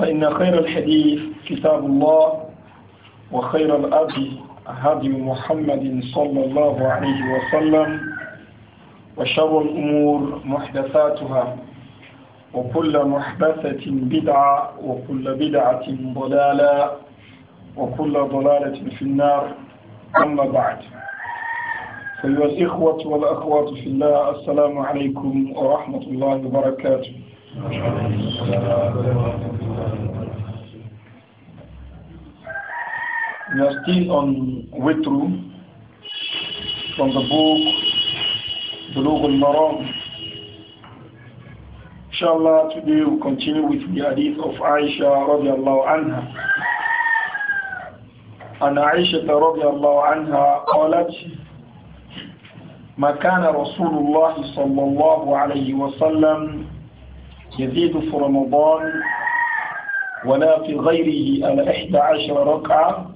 فإن خير الحديث كتاب الله وخير الأبي هدي محمد صلى الله عليه وسلم وشر الأمور محدثاتها وكل محدثة بدعة وكل بدعة ضلالة وكل ضلالة في النار أما بعد أيها الإخوة والأخوات في الله السلام عليكم ورحمة الله وبركاته We are still on way through from the book Bulugh al-Maram. Inshallah, today we continue with the hadith of Aisha radiallahu anha. أن عائشة رضي الله عنها قالت ما كان رسول الله صلى الله عليه وسلم يزيد في رمضان ولا في غيره الا إحدى عشر ركعة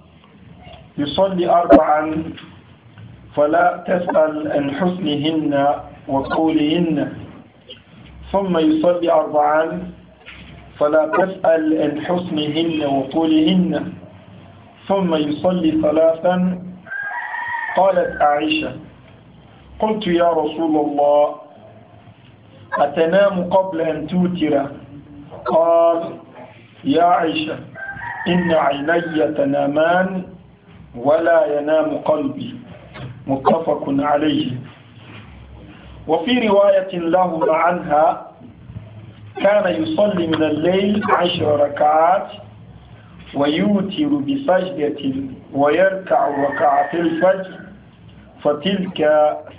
يصلي أربعا فلا تسأل عن حسنهن وقولهن ثم يصلي أربعا فلا تسأل عن حسنهن وقولهن ثم يصلي ثلاثا قالت عائشة قلت يا رسول الله أتنام قبل أن توتر قال يا عائشة إن عيني تنامان ولا ينام قلبي متفق عليه وفي رواية له عنها كان يصلي من الليل عشر ركعات ويوتر بسجدة ويركع ركعة الفجر فتلك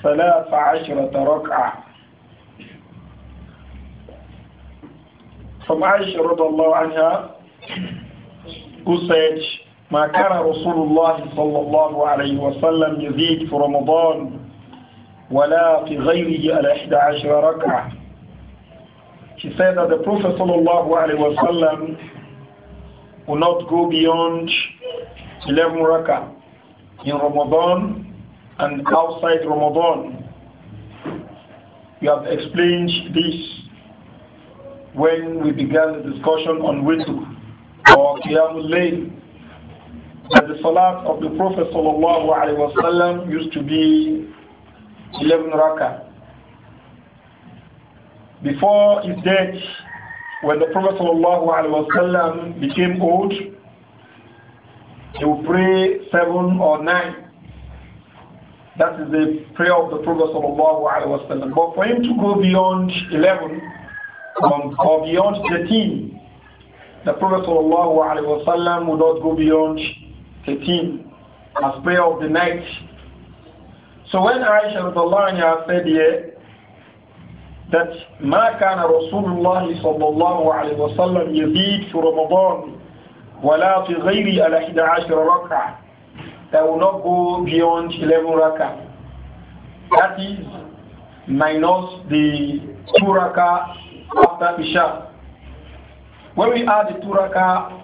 ثلاث عشرة ركعة From Aisha radiallahu anha, who said, ما كان رسول الله صلى الله عليه وسلم يزيد في رمضان ولا في غيره على 11 ركعة. She said that the Prophet صلى الله عليه وسلم will not go beyond 11 rakah in Ramadan and outside Ramadan. We have explained this when we began the discussion on witr or qiyamul layl that the salat of the Prophet sallallahu alaihi wasallam used to be 11 rakah. Before his death, when the Prophet sallallahu alaihi wasallam became old, he would pray seven or nine. That is the prayer of the Prophet sallallahu alaihi wasallam. But for him to go beyond 11 from or beyond 13. The Prophet ﷺ would not go beyond 13 as prayer of the night. So when Aisha said here that ما كان Rasulullah sallallahu صلى الله عليه وسلم يزيد في رمضان ولا في غيره 11 that will not go beyond 11 rakah. That is minus the two rakah after Isha. When we add the turaka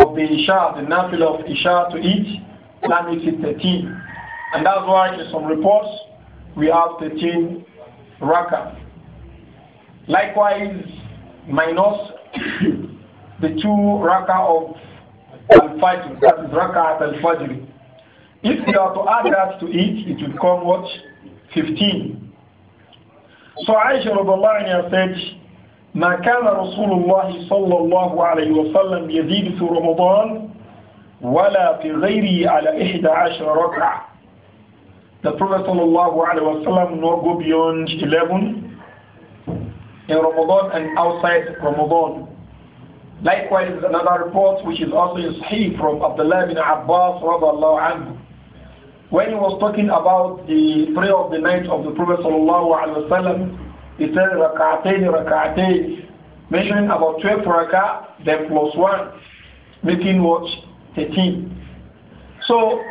of the Isha, the nafil of Isha to each, that makes it 13. And that's why in some reports we have 13 raka. Likewise, minus the two raka of Al-Fajr, that is raka Al-Fajr. If we are to add that to each, it, it will come what? 15. So Aisha Rabballah said, ما كان رسول الله صلى الله عليه وسلم يزيد في رمضان ولا في غيره على إحدى عشر ركعة The Prophet صلى الله عليه وسلم nor go beyond 11 in Ramadan and outside Ramadan. Likewise, another report which is also in Sahih from Abdullah bin Abbas رضي الله عنه, When he was talking about the prayer of the night of the Prophet صلى الله عليه وسلم. He said rak'atayn, rakatay. measuring about 12 raka, then plus 1, making what? 13. So,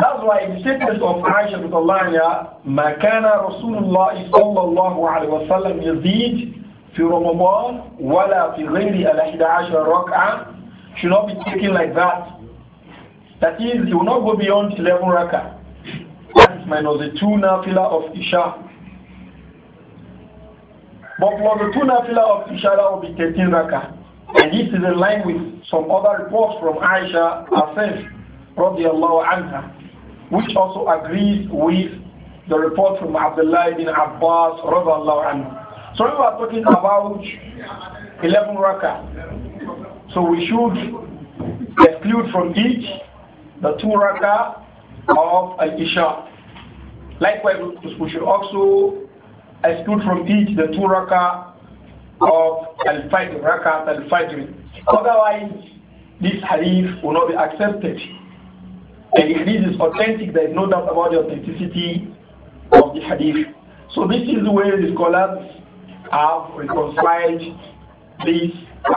that's why in the statement of Aisha with Allah, ما كان رسول الله Rasulullah الله عليه وسلم يزيد في fi ولا في غير الأحد should not be taken like that. That is, he will not go beyond 11 raka. That is minus the two nafila of Isha. But for the two nafila of Ishara will be 13 Raka, And this is in line with some other reports from Aisha herself, radiallahu anha, which also agrees with the report from Abdullah ibn Abbas, radiallahu anhu. So we are talking about 11 Raka. So we should exclude from each the two Raka of Al-Isha. Likewise, we should also exclude from each the two rakah of al-fajr, rakat al-fajr. Otherwise, this hadith will not be accepted. And if this is authentic, there is no doubt about the authenticity of the hadith. So this is the way the scholars have reconciled this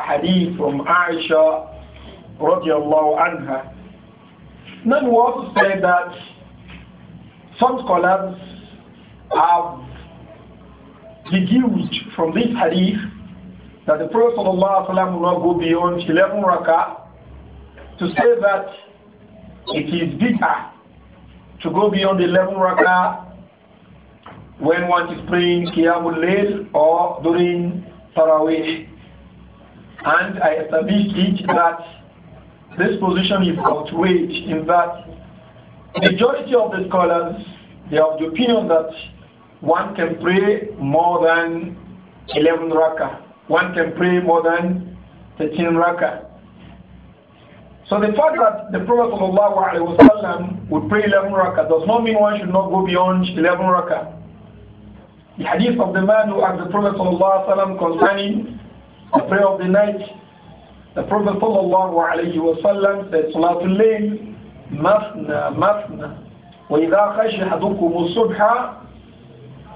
hadith from Aisha radiallahu anha. Now we also say that some scholars have deduced from this hadith that the Prophet will not go beyond 11 rakah to say that it is bid'ah to go beyond 11 rakah when one is praying Qiyamul Layl or during Taraweeh. And I established it that this position is outweighed in that majority of the scholars, they have the opinion that one can pray more than 11 rakah. One can pray more than 13 rakah. So the fact that the Prophet ﷺ would pray 11 rakah does not mean one should not go beyond 11 rakah. The hadith of the man who asked the Prophet ﷺ concerning the prayer of the night, the Prophet ﷺ said, Salatul Layl, mafna, mafna. وإذا خشي أحدكم الصبح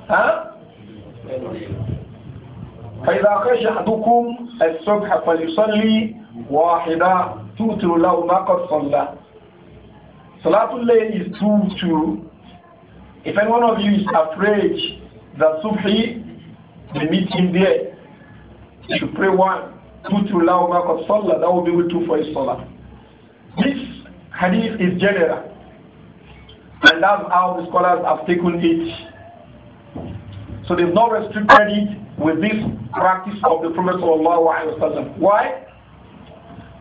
ها فإذا خشى أحدكم الصبح فليصلي واحدة توتر له ما قد صلى صلاة الليل is two two if any one of you is afraid that subhi may meet him there you should pray one tutu lahu ma that will be with two for his salah this hadith is general and that's how the scholars have taken it so they've not restricted it with this practice of the Prophet ﷺ. Why?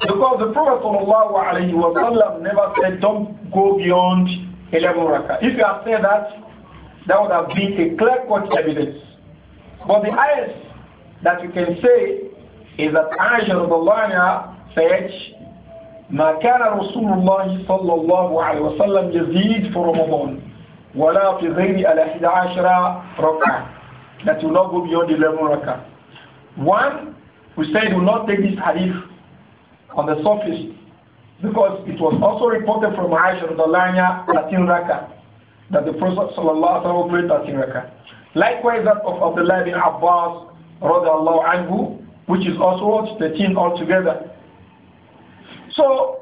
Because the Prophet ﷺ never said, don't go beyond 11 rakah. If you had said that, that would have been a clear-cut evidence. But the highest that you can say is that Aisha radiallahu said, ما كان رسول الله صلى الله عليه وسلم يزيد في رمضان ولا في غير على 11 ركعة that will not go beyond 11 rakah. One, we said will not take this hadith on the surface because it was also reported from Aisha Radalanya 13 raka, that the Prophet sallallahu prayed 13 raka. Likewise that of Abdullah bin Abbas radallahu anhu which is also 13 altogether. So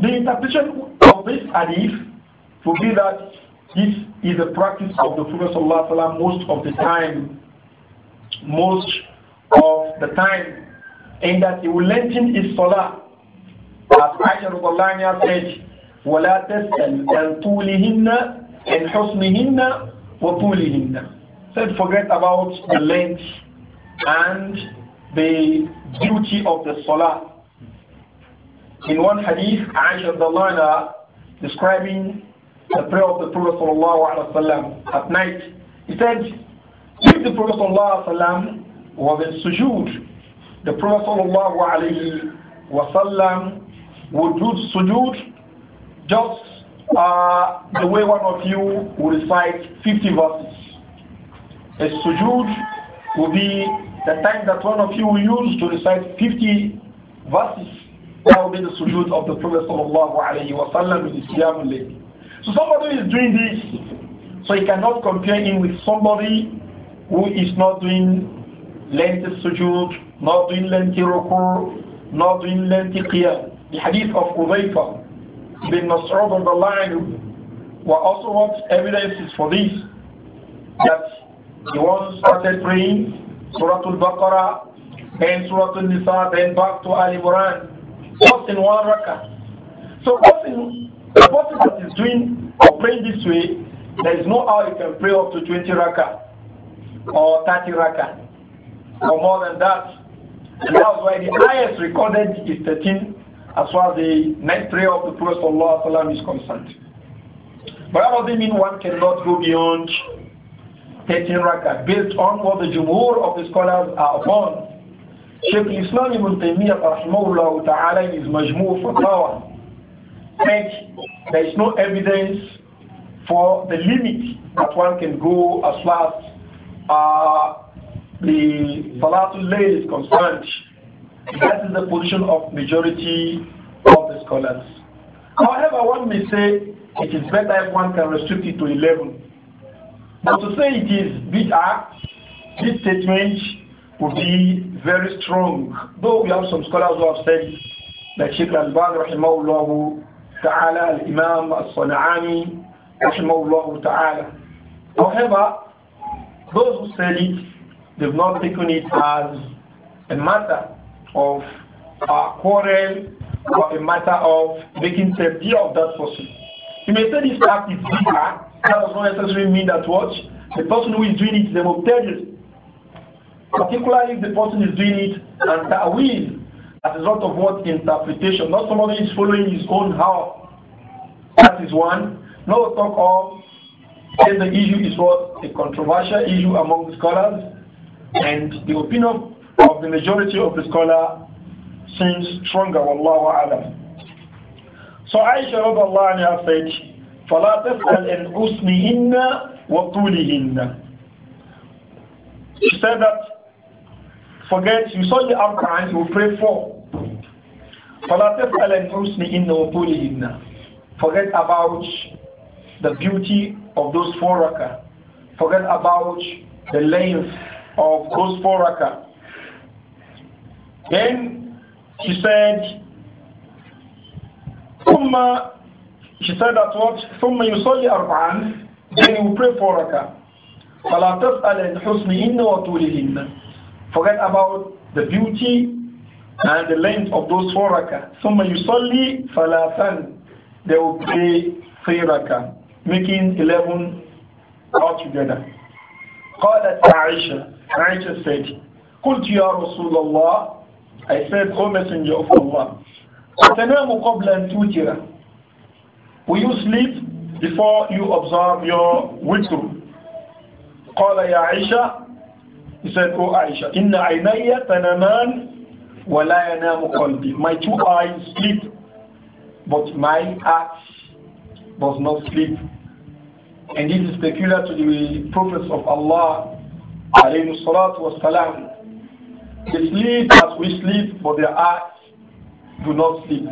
the interpretation of this hadith would be that this is a practice of the Prophet ﷺ most of the time, most of the time, in that he will lengthen his salah. As Aisha Radhalaniya said, وَلَا تَسْأَلْ أَنْ طُولِهِنَّ أَنْ حُسْنِهِنَّ وَطُولِهِنَّ Said, forget about the length and the beauty of the salah. In one hadith, Aisha Radhalaniya describing the prayer of the Prophet ﷺ at night. He said, if the Prophet ﷺ was in sujood, the Prophet ﷺ would do sujood just uh, the way one of you would recite 50 verses. A sujood would be the time that one of you will use to recite 50 verses. That will be the sujood of the Prophet ﷺ in Islam. So somebody is doing this, so you cannot compare him with somebody who is not doing lengthy sujood, not doing lengthy ruku, not doing lengthy qiyam. The hadith of Udayfa bin Mas'ud of the line were also what is for this, that he once started praying Surah Al-Baqarah, then Surah Al-Nisa, then back to Ali Imran, just in one rakah. So just in the person that is doing or praying this way, there is no how you can pray up to 20 raka or 30 raka or more than that. And that's why the highest recorded is 13 as far as the night prayer of the Prophet ﷺ is concerned. But that doesn't mean one cannot go beyond 13 rakah based on what the Jumhur of the scholars are upon. Sheikh Islam ibn Taymiyyah rahimahullah ta'ala in his said there is no evidence for the limit that one can go as far as uh, the Salatul lay is concerned. That is the position of majority of the scholars. However, one may say it is better if one can restrict it to 11. But to say it is act, this statement would be very strong. Though we have some scholars who have said that Sheikh Al-Ban, rahimahullah, ta'ala al-Imam al-Sana'ani rahimahullah ta'ala. However, those who said it, they've not taken it as a matter of a uh, quarrel or a matter of making safety of that person. You may say this act is bigger, that does not necessarily mean that what the person who is doing it is a Particularly if the person is doing it and ta'wil as a result of what interpretation. Not somebody is following his own how. That is one. No talk of if the issue is what a controversial issue among scholars, and the opinion of the majority of the scholar seems stronger. Wallahu alam. So Aisha radiallahu anha said, فَلَا تَسْأَلْ أَنْ حُسْنِهِنَّ وَطُولِهِنَّ She said that forget, you saw the outcome, you pray for. Forget about the beauty of those four raka. Forget about the length of those four raka. Then she said, Thumma, she said that what? Thumma yusalli arba'an, then you pray four raka. فَلَا تَسْأَلَ الْحُسْنِ إِنَّ وَطُولِهِنَّ Forget about the beauty and the length of those four rakah. ثم يصلي ثلاثا. They will pray three rakah, making 11 altogether. قالت عائشة Aisha said, قلت يا رسول الله I said, O Messenger of Allah, أتنام قبل أن توتر Will you sleep before you observe your witr? قال يا عائشة he said, Oh Aisha, Inna aynaya tanaman wa la My two eyes sleep, but my heart does not sleep. And this is peculiar to the prophets of Allah, alayhi salatu wa They sleep as we sleep, but their hearts do not sleep.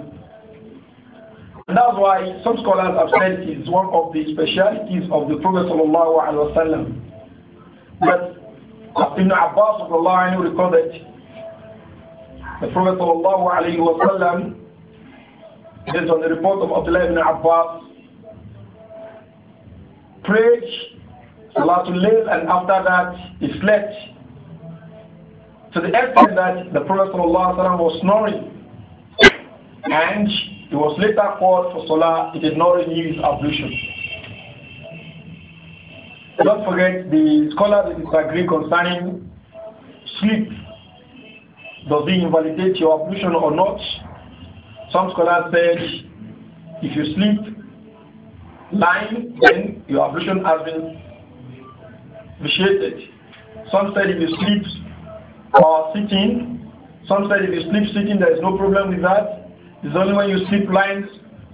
And that's why some scholars have said it's one of the specialities of the Prophet sallallahu alaihi But Ibn Abbas recorded the Prophet of وسلم, based on the report of Abdullah ibn Abbas prayed Salatul Layl and after that he slept to the extent that the Prophet of Allah was snoring and he was later called for Salah, he did not renew his ablution. Don't forget the scholars disagree concerning sleep. Does it invalidate your ablution or not? Some scholars said if you sleep lying, then your ablution has been vitiated. Some said if you sleep or sitting, some said if you sleep sitting, there is no problem with that. It's only when you sleep lying.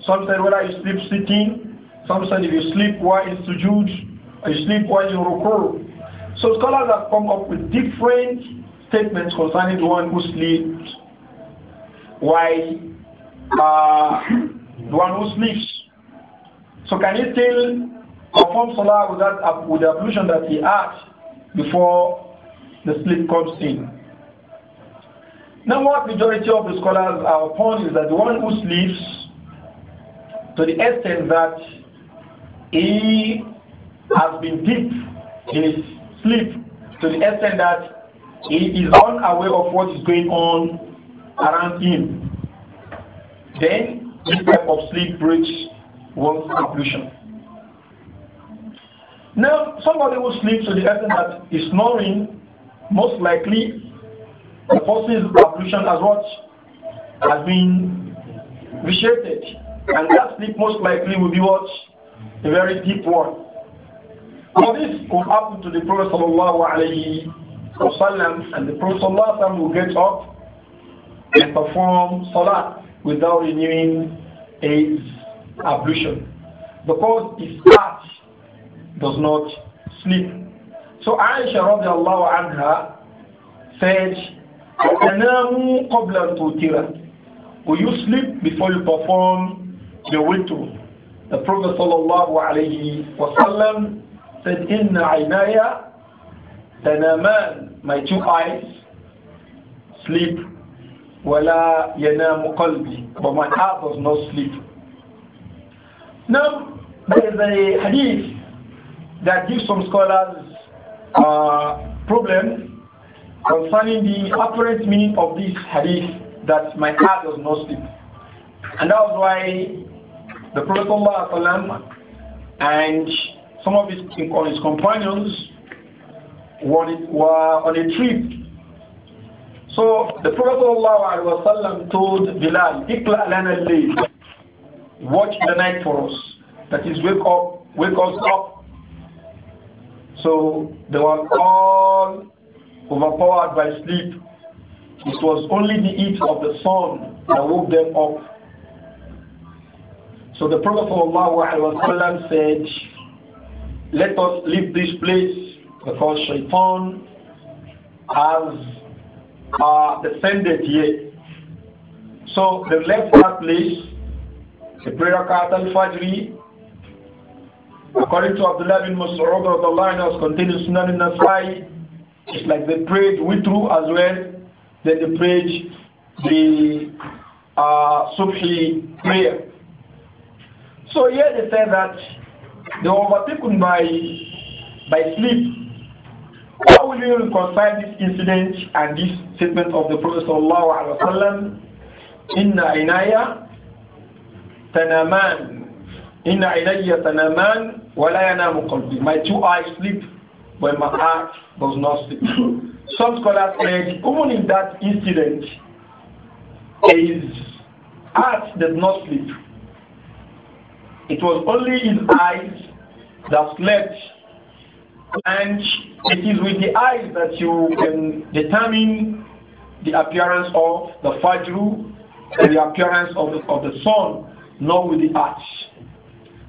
Some said whether you sleep sitting, some said if you sleep while in sujood, you sleep while you ruku. So scholars have come up with different statements concerning the one who sleeps while uh, the one who sleeps. So can he still perform salah without with the ablution that he had before the sleep comes in? Now what majority of the scholars are upon is that the one who sleeps to the extent that he has been deep in his sleep to the extent that he is unaware of what is going on around him. Then this type of sleep breaks one's ablution. Now, somebody will sleep to the extent that is snoring, most likely the person's ablution as what has been reshaped. and that sleep most likely will be what a very deep one. Now this will happen to the Prophet sallallahu alayhi wasallam and the Prophet sallallahu alayhi will get up and perform salah without renewing his ablution because his heart does not sleep. So Aisha radiallahu anha said, "Anamu qabla tutira." Will you sleep before you perform the witr? The Prophet sallallahu alayhi wasallam said, Inna aynaya tanaman, my two eyes sleep, wala yanamu qalbi, but my heart does not sleep. Now, there is a hadith that gives some scholars uh, problem concerning the apparent meaning of this hadith that my heart does not sleep. And that was why the Prophet and some of his, his companions were, on a trip. So the Prophet ﷺ told Bilal, Ikla lana al watch the night for us. That is, wake up, wake us up. So they were all overpowered by sleep. It was only the heat of the sun that woke them up. So the Prophet ﷺ said, let us leave this place because Shaitan has uh, descended here. So they left that place, the prayer card al-Fajri, according to Abdullah bin Mas'ud of the line was contained in Sunan al-Nasai, it's like they prayed witru as well, then they prayed the uh, Subhi prayer. So here they say that they were overtaken by, by sleep. How will you reconcile this incident and this statement of the Prophet sallallahu alaihi wasallam? Inna inaya tanaman. Inna inaya tanaman wala yana qalbi. My two eyes sleep, but my heart does not sleep. Some scholars said even in that incident, his heart did not sleep. It was only his eyes that slept. And it is with the eyes that you can determine the appearance of the Fajr and the appearance of the, of the sun, not with the heart.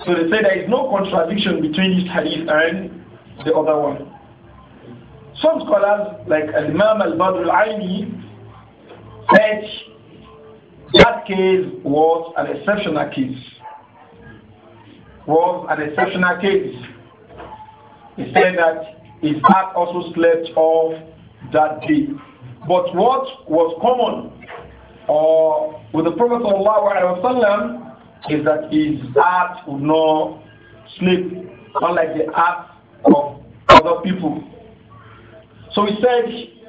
So they say there is no contradiction between this hadith and the other one. Some scholars, like Imam al-Badr al-Aini, said that case was an exceptional case was an exceptional case. He said that his heart also slept off that day. But what was common or uh, with the Prophet Allah is that his heart would not sleep, unlike like the heart of other people. So he said,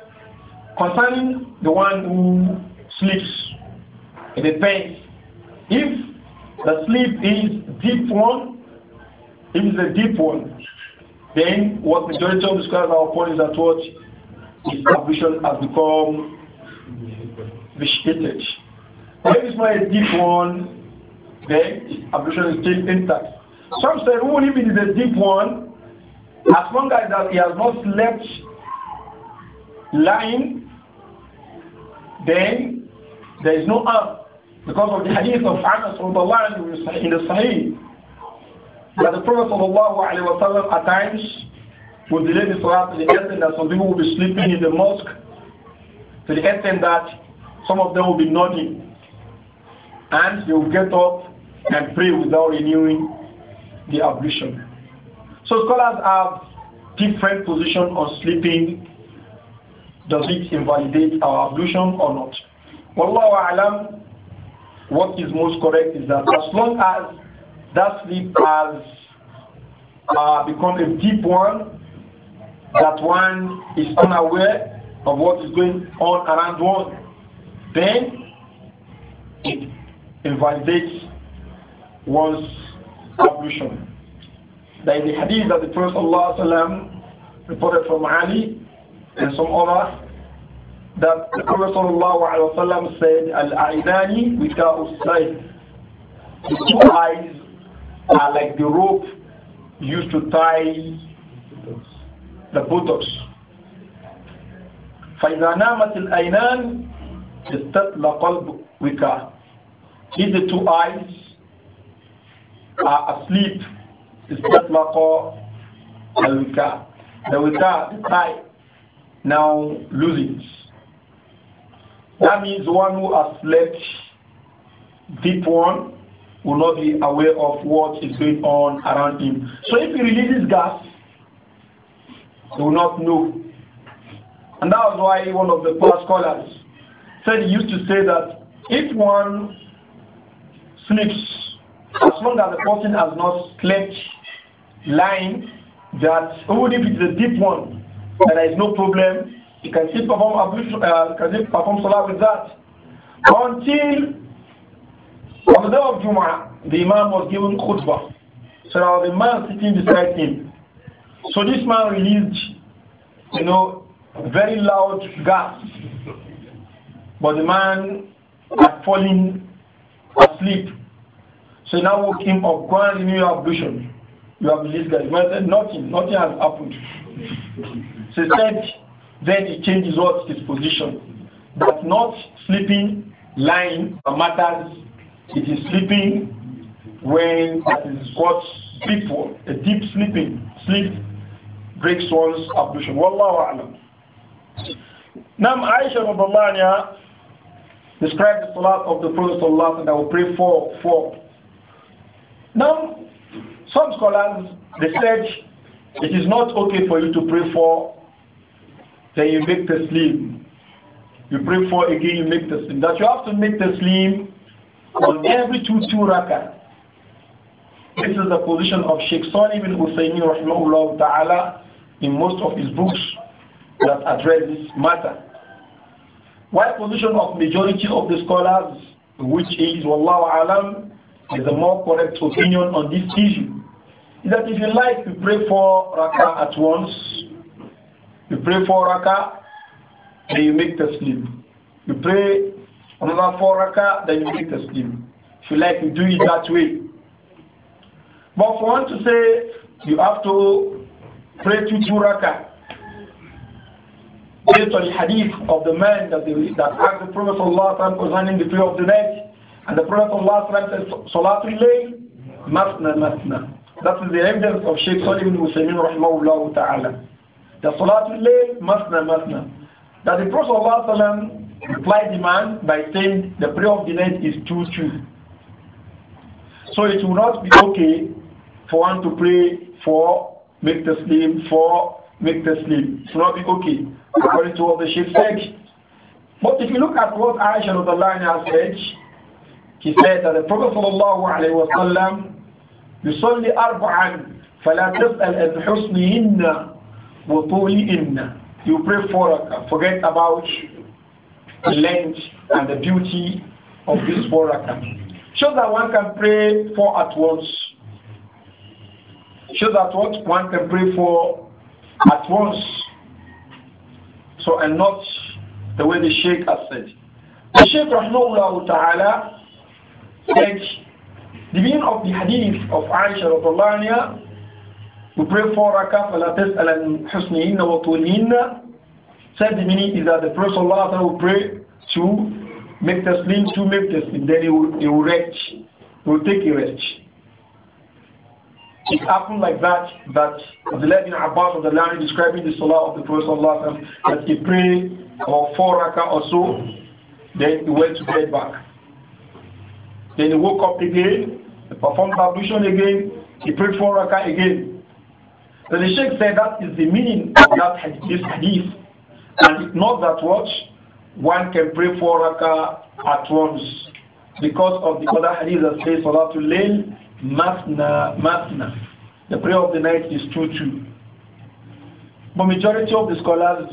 concerning the one who sleeps, it depends. If the sleep is deep one, if it's a deep one, then what majority of the scholars are upon is that what his ambition has become vitiated. If it's not a deep one, then his ambition is still intact. Some say, even oh, if it is a deep one, as long as that he has not slept lying, then there is no harm. Because of the hadith of Anas in the Sahih, that the Prophet وسلم, at times would delay the Salah to the extent that some people would be sleeping in the mosque, to the extent that some of them would be nodding, and they would get up and pray without renewing the ablution. So scholars have different position on sleeping. Does it invalidate our ablution or not? Wallahu alam, what is most correct is that as long as that sleep has uh, become a deep one, that one is unaware of what is going on around one, then it invalidates one's ablution. There is a hadith that the Prophet ﷺ reported from Ali and some others that the Prophet ﷺ said, Al-Ainani without sight. The two eyes are like the rope used to tie the buttocks. فإذا نامت العينان استطلق الوكاء. If the two eyes are asleep, استطلق الوكاء. The wika. the tie, now loses. That means one who has slept deep one will not be aware of what is going on around him. So if he releases gas, he will not know. And that was why one of the past scholars said he used to say that if one sleeps, as long as the person has not slept lying, that even if it's a deep one, there is no problem he can still perform ablution, uh, can still perform salah with that. Until on the day of Jum'ah, the Imam was given khutbah. So there was a man sitting beside him. So this man released, you know, very loud gas. But the man had fallen asleep. So now woke him up, go and renew your ablution. You have released gas. The man said, nothing, nothing has happened. So he said, then he changes what his position. But not sleeping, lying, matters. It is sleeping when that is what people, a deep sleeping, sleep breaks one's ablution. Wallahu alam. Nam Aisha ya described the salat of the Prophet Sallallahu that we pray for. for. Now, some scholars, they said it is not okay for you to pray for then you make the taslim. You pray four again, you make the taslim. That you have to make the taslim on every two two rakah. This is the position of Sheikh Salih bin Husayni rahimahullah ta'ala in most of his books that address this matter. While position of majority of the scholars, which is Wallahu alam, is a more correct opinion on this issue, is that if you like, you pray for rakah at once, you pray four rakah, then you make the sleep. You pray another four rakah, then you make the sleep. If you like, you do it that way. But for one to say you have to pray two two rakah, based on the hadith of the man that, the, that asked the Prophet Allah concerning the prayer of the night, and the Prophet Allah said, Salatul Layl, Masna Masna. That is the evidence of Shaykh Salim Muslimin Rahimahullah Ta'ala the Salatul Layl, Masna, Masna. That the Prophet ﷺ replied the man by saying the prayer of the night is too true. So it will not be okay for one to pray for, make the sleep, for, make the sleep. It will not be okay, according to what the Sheikh said. But if you look at what Aisha of the line has said, he said that the Prophet ﷺ, يصلي أربعا فلا تسأل عن حسنهن وَطُولِئِنَّ You pray for uh, Forget about the length and the beauty of this four so Show that one can pray four at once. Show that what one can pray for at once. So and not the way the Sheikh has said. The Sheikh Rahmullah Ta'ala said the meaning of the hadith of Aisha Radhiallahu we pray four rakah, فَلَا تَسْأَلَنْ حُسْنِهِنَّ وَطُولِهِنَّ Said the meaning is that the Prophet Allah will pray to make the sleep, to make the sleep, Then he will, he will rest. He will take a rest. It happened like that, that Abdullah bin Abbas of the land describing the Salah of the Prophet Allah, that he prayed or four rakah or so, then he went to bed back. Then he woke up again, he performed ablution again, he prayed four rakah again. So the Sheikh said that is the meaning of that hadith, this hadith. And it's not that what one can pray for rakah at once because of the other hadith that says Salatul Layl Masna Masna. The prayer of the night is two two. But majority of the scholars,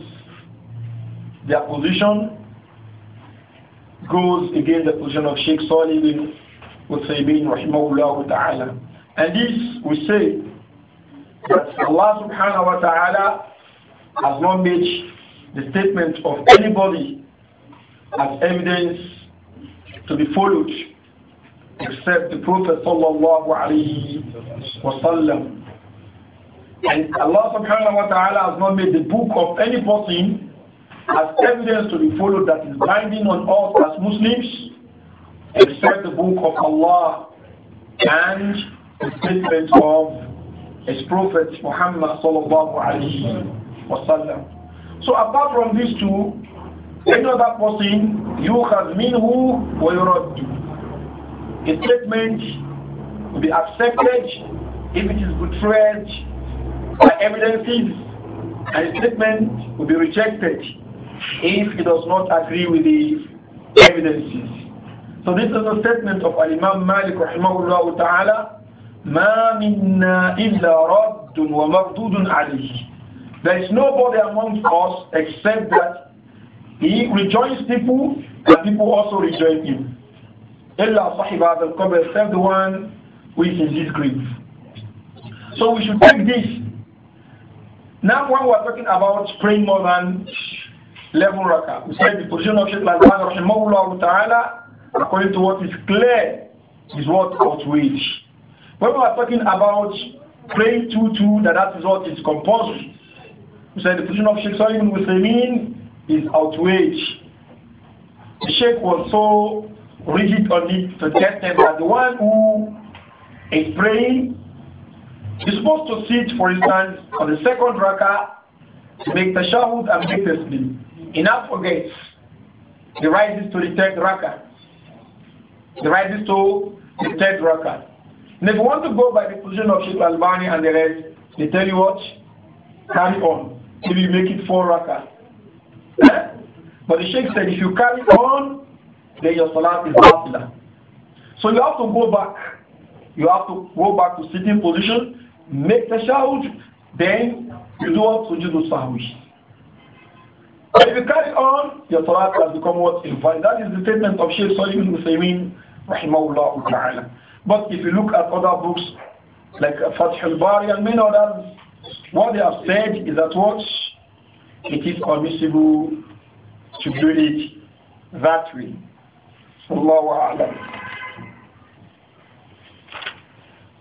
their position goes against the position of Sheikh Salih bin Uthaymeen rahimahullah ta'ala. And this we say that Allah subhanahu wa ta'ala has not made the statement of anybody as evidence to be followed except the Prophet sallallahu alaihi wasallam. And Allah subhanahu wa ta'ala has not made the book of any person as evidence to be followed that is binding on us as Muslims except the book of Allah and the statement of his prophet Muhammad sallallahu alaihi wasallam. So apart from these two, any other person you have minhu wa yurad. A statement will be accepted if it is betrayed by evidences, and a statement will be rejected if it does not agree with the evidences. So this is a statement of Imam Malik rahimahullah ta'ala ما منا إلا رد ومردود عليه There is nobody amongst us except that he rejoins people and people also rejoin him. إلا صاحب هذا القبر except the one which is his grave. So we should take this. Now when we are talking about praying more than 11 rakah, we said the position of Shaykh Al-Azhar, according to what is clear, is what outweighs. When we are talking about praying two two, that that is what is compulsory. We said the position of Sheikh Salim Hussein is outrage. The Sheikh was so rigid on it to test them that the one who is praying is supposed to sit, for instance, on the second raka to make the shahud and make the sleep. Enough forgets. He rises to the third raka. He rises to the third raka. And if you want to go by the position of Sheikh Albani and the rest, they tell you what? Carry on. If you make it four rakah. Eh? but the Sheikh said if you carry on, then your salah is popular. So you have to go back. You have to go back to sitting position, make the shout, then you do what to do But If you carry on, your salat has become what is That is the statement of Sheikh Salih Hussein, rahimahullah ta'ala. But if you look at other books like Fatih al-Bari and many others, what they have said is that what it is permissible to do it that way. Allahu A'lam.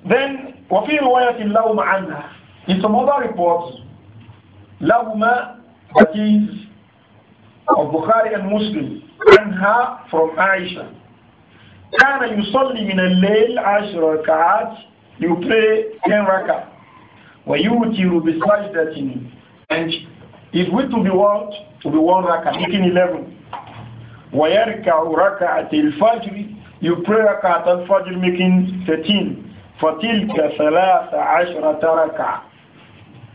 Then, وفي رواية لهم عنها In some other reports, لهما that is of Bukhari and Muslim, عنها from Aisha. كان يصلي من الليل عشر ركعات you pray 10 raka ويوتر بسجدة and it will to be one, to be one raka making 11 ويركع ركعة الفجر you pray ركعة الفجر making 13 فتلك ثلاث عشرة ركعة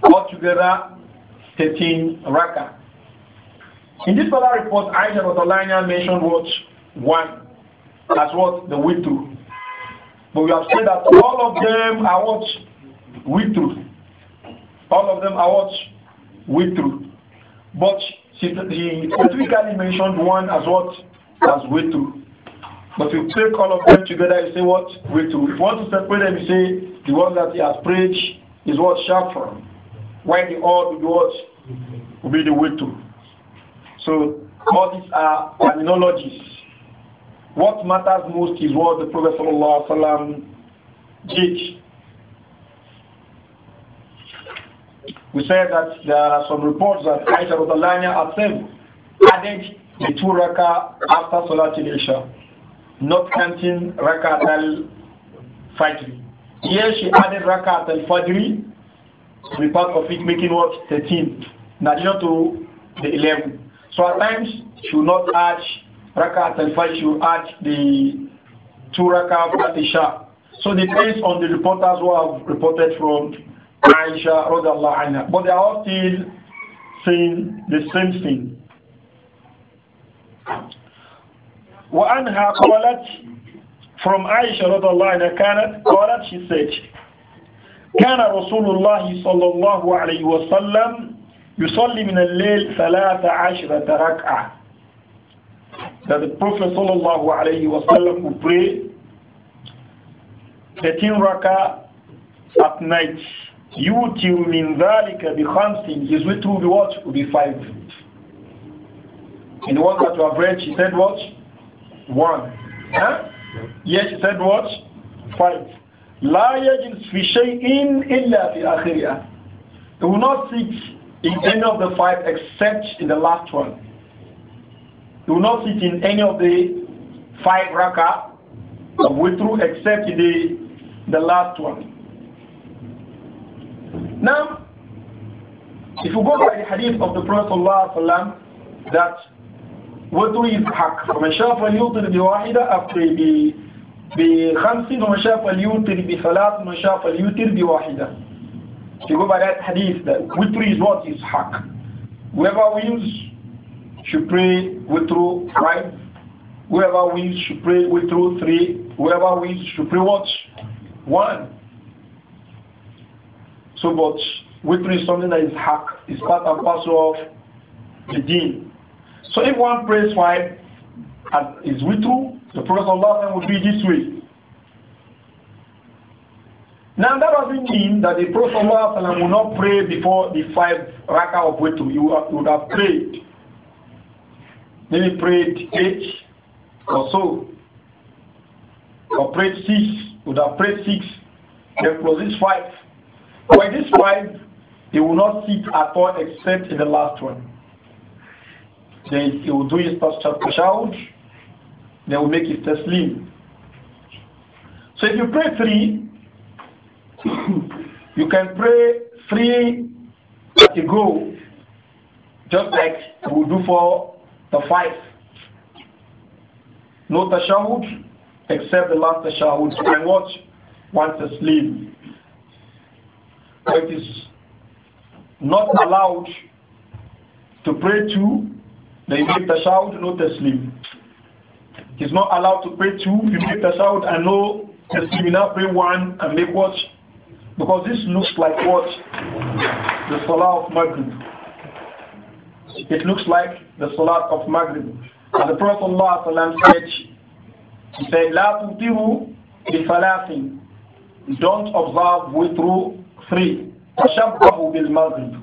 altogether 13 raka in this other report Aisha mentioned what? 1 as what the withdrew. But we have said that all of them are what? Withdrew. All of them are what? Withdrew. But he specifically mentioned one as what? As withdrew. But if you take all of them together, you say what? Withdrew. If you want to separate them, you say the one that he has preached is what? from. Why the all will be what? Will be the withdrew. So all these are terminologies. What matters most is what the Prophet ﷺ did. We said that there are some reports that Aisha Rodalanya herself added the two raka after Salat Isha, not counting raka al Fajr. Here she added raka al Fajr to be part of it, making what 13, in addition to the 11. So at times she will not add Rakat al-Fajr, you add the two Rakat al-Isha. So depends on the reporters who have reported from Aisha radiallahu anha. But they are all still saying the same thing. وأنها قالت from Aisha radiallahu anha كانت قالت she said كان رسول الله صلى الله عليه وسلم يصلي من الليل ثلاث عشرة ركعة that the Prophet sallallahu alayhi wa sallam would pray 13 rakah at night. Yutil min dhalika bi khamsin. His witr will be what? Will be five. In the one that you have read, she said what? One. Huh? Yes, she said what? Five. لا يجلس في شيء إلا في آخرها. He will not sit in any of the five except in the last one. Do not sit in any of the five rakah of witru except the, the last one. Now, if you go by the hadith of the Prophet ﷺ, that witru is haq. فَمَنْ شَاءَ فَلْيُوتِرْ بِوَاحِدَ أَفْرِ بِخَمْسٍ وَمَنْ شَاءَ فَلْيُوتِرْ بِثَلَاثٍ وَمَنْ شَاءَ فَلْيُوتِرْ بِوَاحِدَ if you go by that hadith, that is what is haq. Whoever wins should pray with through five. Whoever wins should pray with through three. Whoever wins should pray what? One. So, but witness is something that is hack. It's part and parcel of the deal. So, if one prays five and is two, the Prophet Allah will be this way. Now that doesn't mean that the Prophet will not pray before the five rakah of witru. You would have prayed maybe prayed eight or so, or prayed six, would have prayed six, then close this five. By this five, he will not sit at all except in the last one. Then he will do his shout. then will make his lean. So if you pray three, you can pray three at a go, just like we do for the five. No tashahud except the last tashahud. And watch once asleep. It is not allowed to pray to the Imam Tashahud, no sleep. It is not allowed to pray to Imam Tashahud and no Taslim. You now pray one and make watch. Because this looks like what? The Salah of Maghrib it looks like the Salat of Maghrib. And the Prophet ﷺ said, he said, La tutiru bifalasin. Don't observe witru three. Tashabbahu bil Maghrib.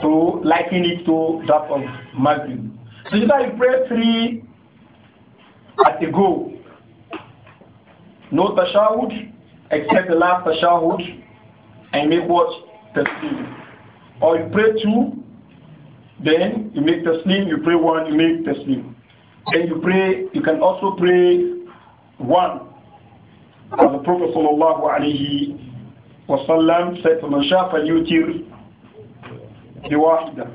To liken it to that of Maghrib. So either you pray three at a go. No tashahud, except the last tashahud, and make what? Tasbih. Or you pray two, then you make taslim, you pray one, you make taslim. Then you pray, you can also pray one. As the Prophet sallallahu alaihi wasallam said, فَمَنْ شَافَ الْيُوتِرِ بِوَاحِدًا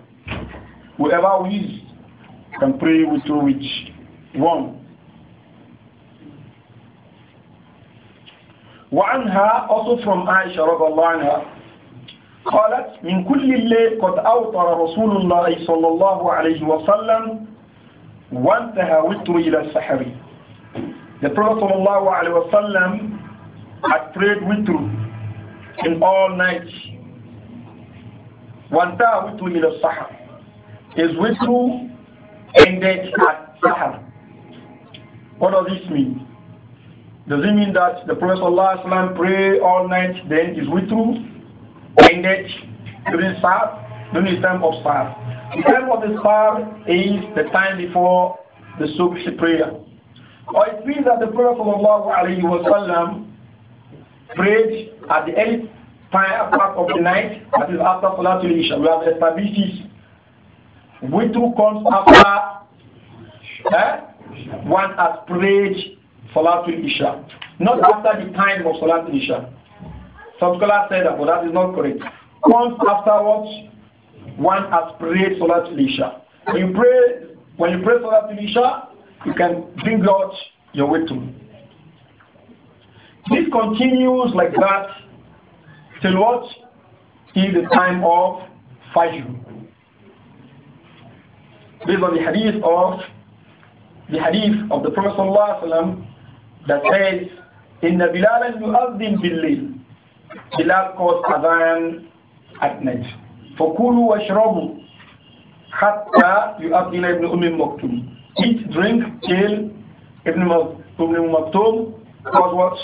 Whoever wishes can pray with two which one. وعنها also from Aisha رضي الله عنها قالت من كل الليل قد أوطر رسول الله صلى الله عليه وسلم وانتهى وتر إلى السحر The Prophet صلى الله عليه وسلم had prayed witr in all night وانتهى وتر إلى السحر His witr ended at sahar What does this mean? Does it mean that the Prophet ﷺ pray all night, then is witr? ended during Saab, during the time of Saab. The time of the Saab is the time before the Subh prayer. Or it means that the Prophet ﷺ prayed at the early time part of the night, that is after Salatul Isha. We have established this. Witru comes after eh? one has prayed Salatul Isha. Not after the time of Salatul Isha. Some scholars said that, but that is not correct. Once afterwards, one has prayed Salat Isha. When you pray, when you pray Salat Isha, you can bring God your witness. This continues like that till what is the time of Fajr. Based on the hadith of the hadith of the Prophet ﷺ that says, إِنَّ بِلَالًا يُؤَذِّن بِاللَّيْلِ إلى قوس أذان أتنج فكلوا واشربوا حتى يؤذن ابن أم مكتوم eat drink till ابن أم مكتوم God watch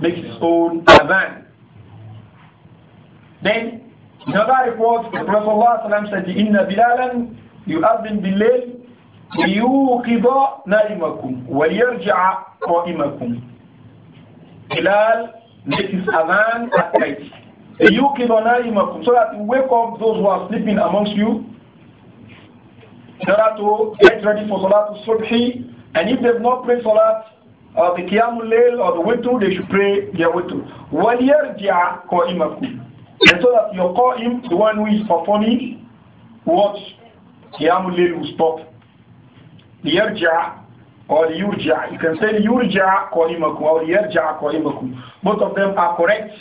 makes his own أذان then in another report صلى الله عليه وسلم إن بلالا يؤذن بالليل ليوقظ نائمكم وليرجع قائمكم بلال make his adhan at night. So that you wake up those who are sleeping amongst you in order to get ready for start. Subhi. And if they've not prayed Salat, uh, the Qiyamul Layl or the Witu, they should pray their call him up, And so that your Qa'im, the one who is performing, watch Qiyamul Layl will stop. لِيَرْجِعَ or yurja. You can say yurja qaimakum or yerja qaimakum. Both of them are correct.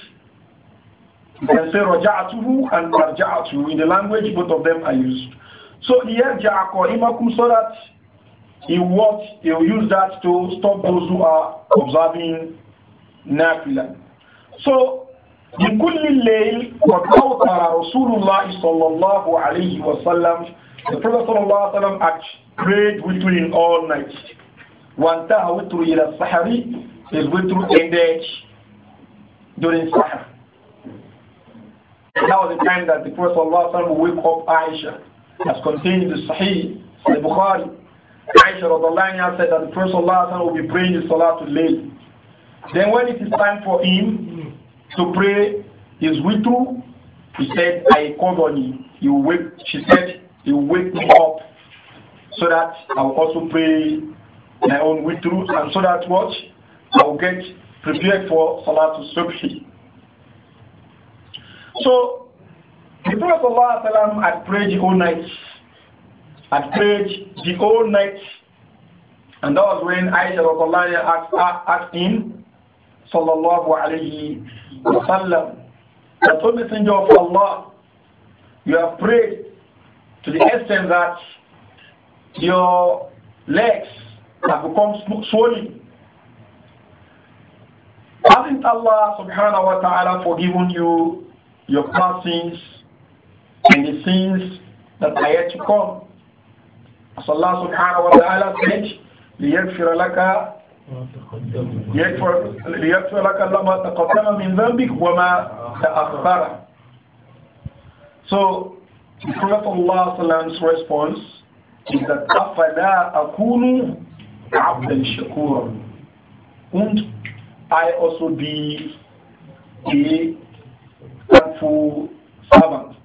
You can say raja'atuhu and marja'atuhu. In the language, both of them are used. So yerja qaimakum so that he what he will use that to stop those who are observing nafila. So لكل الليل قد أوتر رسول الله صلى الله عليه وسلم the Prophet صلى الله عليه وسلم prayed between all night. وانتهى وتر إلى السحر is witr engage during Sahar. That was the time that the Prophet will wake up Aisha as contained in the Sahih, Sahih Bukhari. Aisha Radhalanya said that the Prophet ﷺ will be praying the to Layl. Then when it is time for him to pray his witr, he said, I called on you. you wake, she said, you wake me up so that I will also pray my own witr and so that what I will get prepared for Salatul Subhi. So the Prophet ﷺ had prayed the whole night, had prayed the whole night, and that was when Aisha asked, asked him, Sallallahu Alaihi Wasallam, that O Messenger of Allah, you have prayed to the extent that your legs that becomes swollen. Hasn't Allah subhanahu wa ta'ala forgiven you your past sins and the sins that are yet to come? As Allah subhanahu wa ta'ala said, لِيَغْفِرَ لَكَ ليغفر لك الله ما تقدم من ذنبك وما تأخر So the Prophet Allah's response is that أَفَلَا أَكُونُ abdan shakuran. Won't I also be a thankful servant?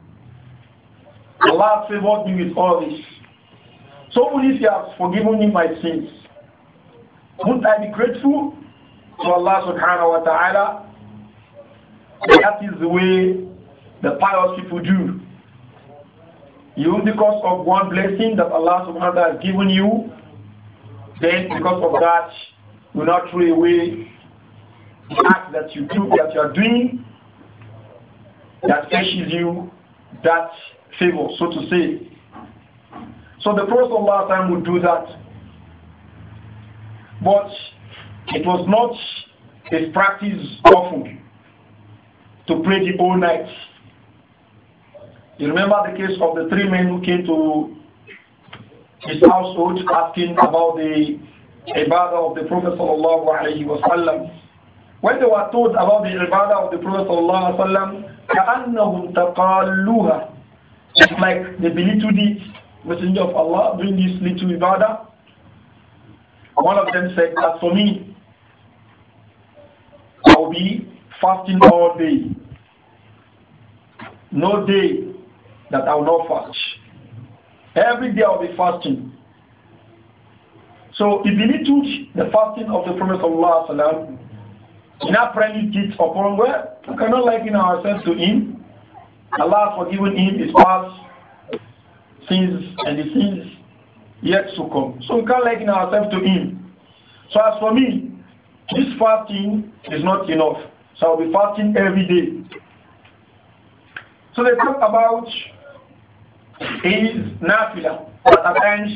Allah favored me with all this. So only if He has forgiven me my sins, won't I be grateful to Allah subhanahu wa ta'ala? That is the way the pious people do. You, because of one blessing that Allah subhanahu wa ta'ala has given you, then because of that, you not throw away the act that you do, that you are doing, that fetches you that favor, so to say. So the Prophet last time would do that. But it was not his practice often to pray the whole night. You remember the case of the three men who came to his household asking about the ibadah of the Prophet sallallahu alaihi wasallam. When they were told about the ibadah of the Prophet sallallahu alaihi wasallam, كأنهم تقالوها. It's like they belittled this Messenger of Allah doing this little ibadah. One of them said, as for me, I will be fasting all day. No day that I will not fast. Every day I'll be fasting. So if need to the fasting of the Prophet Sallallahu in deeds it upon where we cannot liken ourselves to him. Allah has forgiven him his past sins and His sins yet to come. So we can't liken ourselves to him. So as for me, this fasting is not enough. So I'll be fasting every day. So they talk about is nafila. But at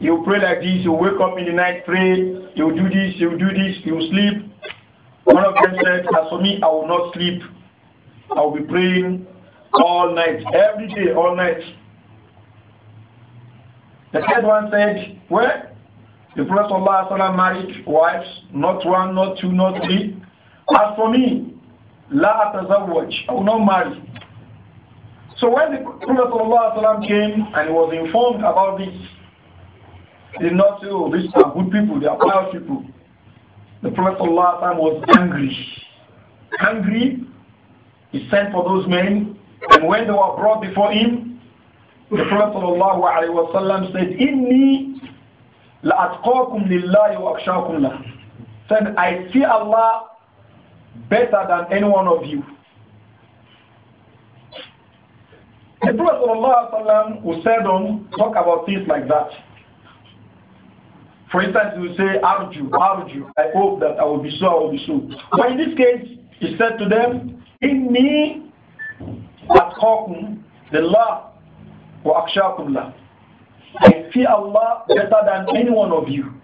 you pray like this, you wake up in the night, pray, you do this, you do this, you sleep. One of them said, as for me, I will not sleep. I will be praying all night, every day, all night. The third one said, well, the Prophet Allah married wives, not one, not two, not three. As for me, la atazawwaj, I will not marry. So when the Prophet came and he was informed about this, he did not say, oh, these are good people, they are pious people. The Prophet was angry. Angry, he sent for those men, and when they were brought before him, the Prophet said, Inni la'atqakum lillahi wa akshakum lah. Said, I see Allah better than any one of you. The Prophet ﷺ will seldom talk about things like that. For instance, he will say, Arju, Arju, I hope that I will be so, I will be so. But in this case, he said to them, In me, atqakum, the law, wa akshakum la. I fear Allah better than any one of you.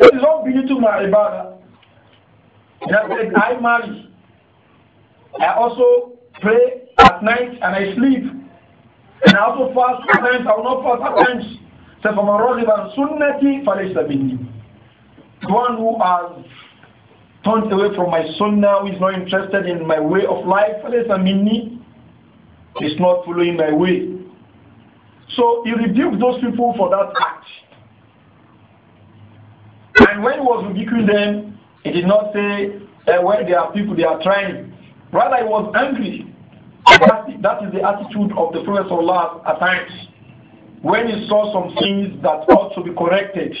It is all belittle my ibadah. I said, I marry. I also pray at night and I sleep. And I also fast at times, I will not fast at times. So from Raghiban Sunnati Falaysa One who has turned away from my sunnah, who is not interested in my way of life, Falaysa is not following my way. So he rebuked those people for that act. And when he was rebuking them, he did not say, eh, well, there are people, they are trying. Rather, he was angry that is the attitude of the Prophet Allah at times. When he saw some things that ought to be corrected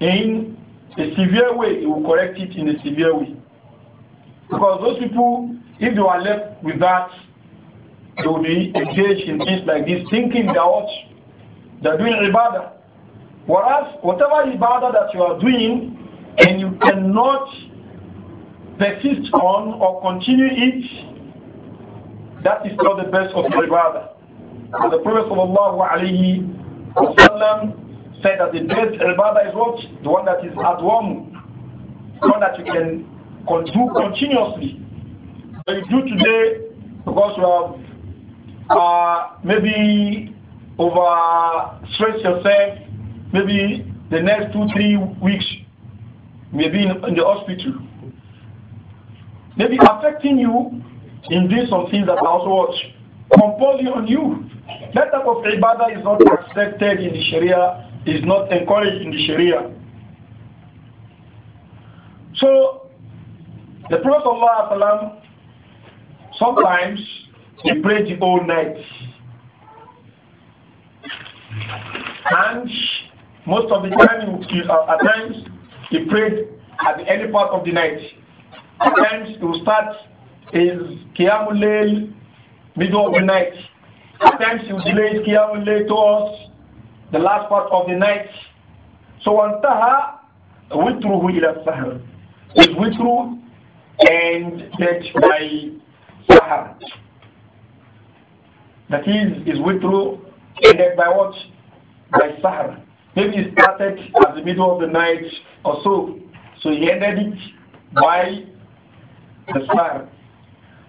in a severe way, he will correct it in a severe way. Because those people, if they are left with that, they will be engaged in things like this, thinking they are, they are doing ibadah. Whereas, whatever ibadah that you are doing, and you cannot persist on or continue it, that is not the best of your ibadah. And the Prophet sallallahu alayhi wasallam said that the best ibadah is what? The one that is at one. The one that you can do continuously. So you do today because you have uh, maybe stress yourself, maybe the next two, three weeks, maybe in, in the hospital. Maybe affecting you in doing some things that are also what? Compulsory on you. That type of ibadah is not accepted in the Sharia, is not encouraged in the Sharia. So, the Prophet Allah sometimes he prayed the whole night. And most of the time, he, uh, at times, he prayed at the early part of the night. At times, he would start is Qiyamul middle of the night. Sometimes he delays Qiyamul to us, the last part of the night. So on وانتهى وتره إلى السهر. His witru ended by sahar. That is, his witru ended by what? By sahar. Maybe he started at the middle of the night or so. So he ended it by the sahar.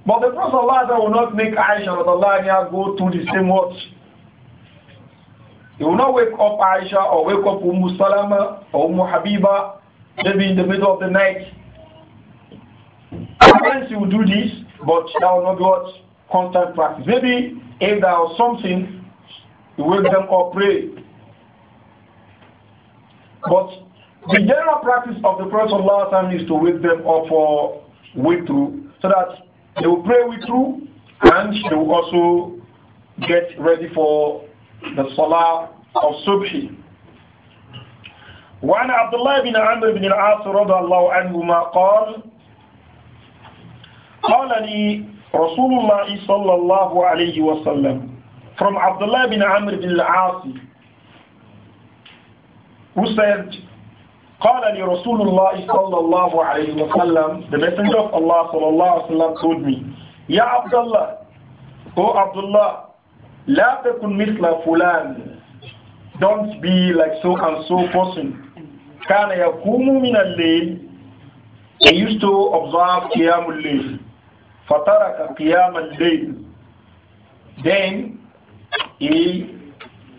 But the Prophet Allah will not make Aisha Allah, go through the same watch. He will not wake up Aisha or wake up Umm Salama or Umm Habiba maybe in the middle of the night. Sometimes he will do this, but that will not be what constant practice. Maybe if there was something, he wake them up pray. But the general practice of the Prophet Allah is to wake them up for way through so that they will pray with you and they will also get ready for the Salah of Subhi. وعن عبد الله بن عمرو بن العاص رضي الله عنهما قال قال لي رسول الله صلى الله عليه وسلم from Abdullah bin Amr bin al-Asi who said قال لي رسول الله صلى الله عليه وسلم, the messenger of Allah صلى الله عليه وسلم told me, يا عبد الله, O عبد الله لا تكن مثل فلان, don't be like so and so person. كان يقوم من الليل, he used to observe قيام الليل, فترك قيام الليل. Then he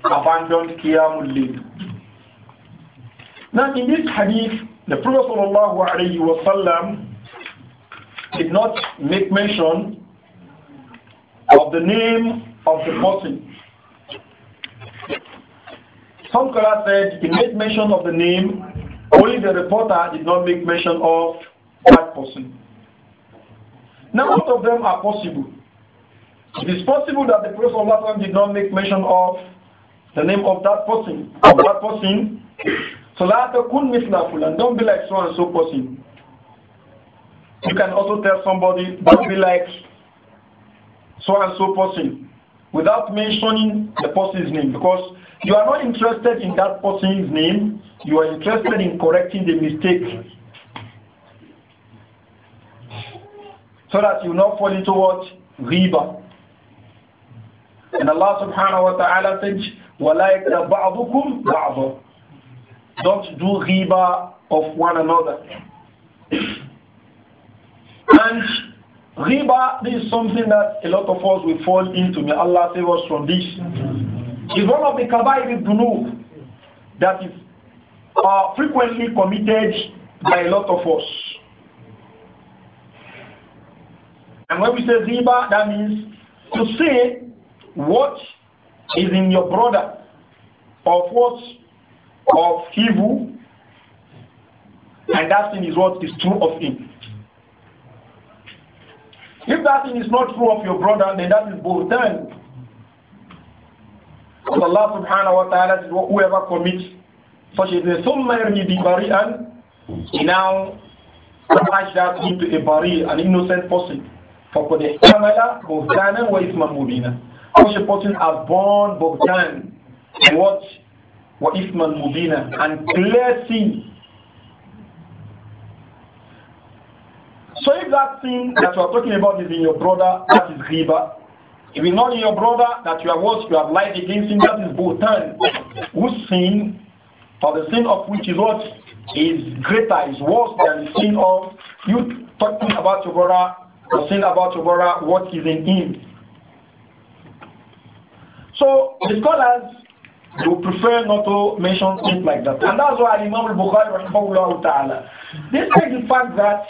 abandoned قيام الليل. Now, in this hadith, the Prophet did not make mention of the name of the person. Some scholars said he made mention of the name, only the reporter did not make mention of that person. Now, both of them are possible. It is possible that the Prophet ﷺ did not make mention of the name of that person, of that person, so that kun misla fulan, don't be like so and so person. You can also tell somebody, don't be like so and so person without mentioning the person's name because you are not interested in that person's name, you are interested in correcting the mistake. So that you not fall into what? Riba. And Allah subhanahu wa ta'ala says, وَلَا يَكْتَ بَعْضُكُمْ بَعْضًا don't do riba of one another. and riba, this is something that a lot of us will fall into. May Allah save us from this. It's one of the kabair dunub that is uh, frequently committed by a lot of us. And when we say riba, that means to say what is in your brother of what of evil, and that thing is what is true of him. If that thing is not true of your brother, then that is Bhutan. Because Allah subhanahu wa ta'ala says, whoever commits such a thing, ثُمَّ يَرْمِي بِبَرِيئًا He now attach that into a bari, an innocent person. For فَقَدْ اِحْتَمَلَ بُهْتَانًا وَإِثْمًا مُبِينًا Such a person has born Bhutan and what wa isman mubina and clear sin. So if that sin that you are talking about is in your brother, that is riba. If it's not in your brother that you have what you have lied against him, that is Bhutan. Whose sin, for the sin of which is what is greater, is worse than the sin of you talking about your brother, the sin about your brother, what is in him. So the scholars you prefer not to mention things like that. And that's why Imam al-Bukhari rahimahullah ta'ala, despite the fact that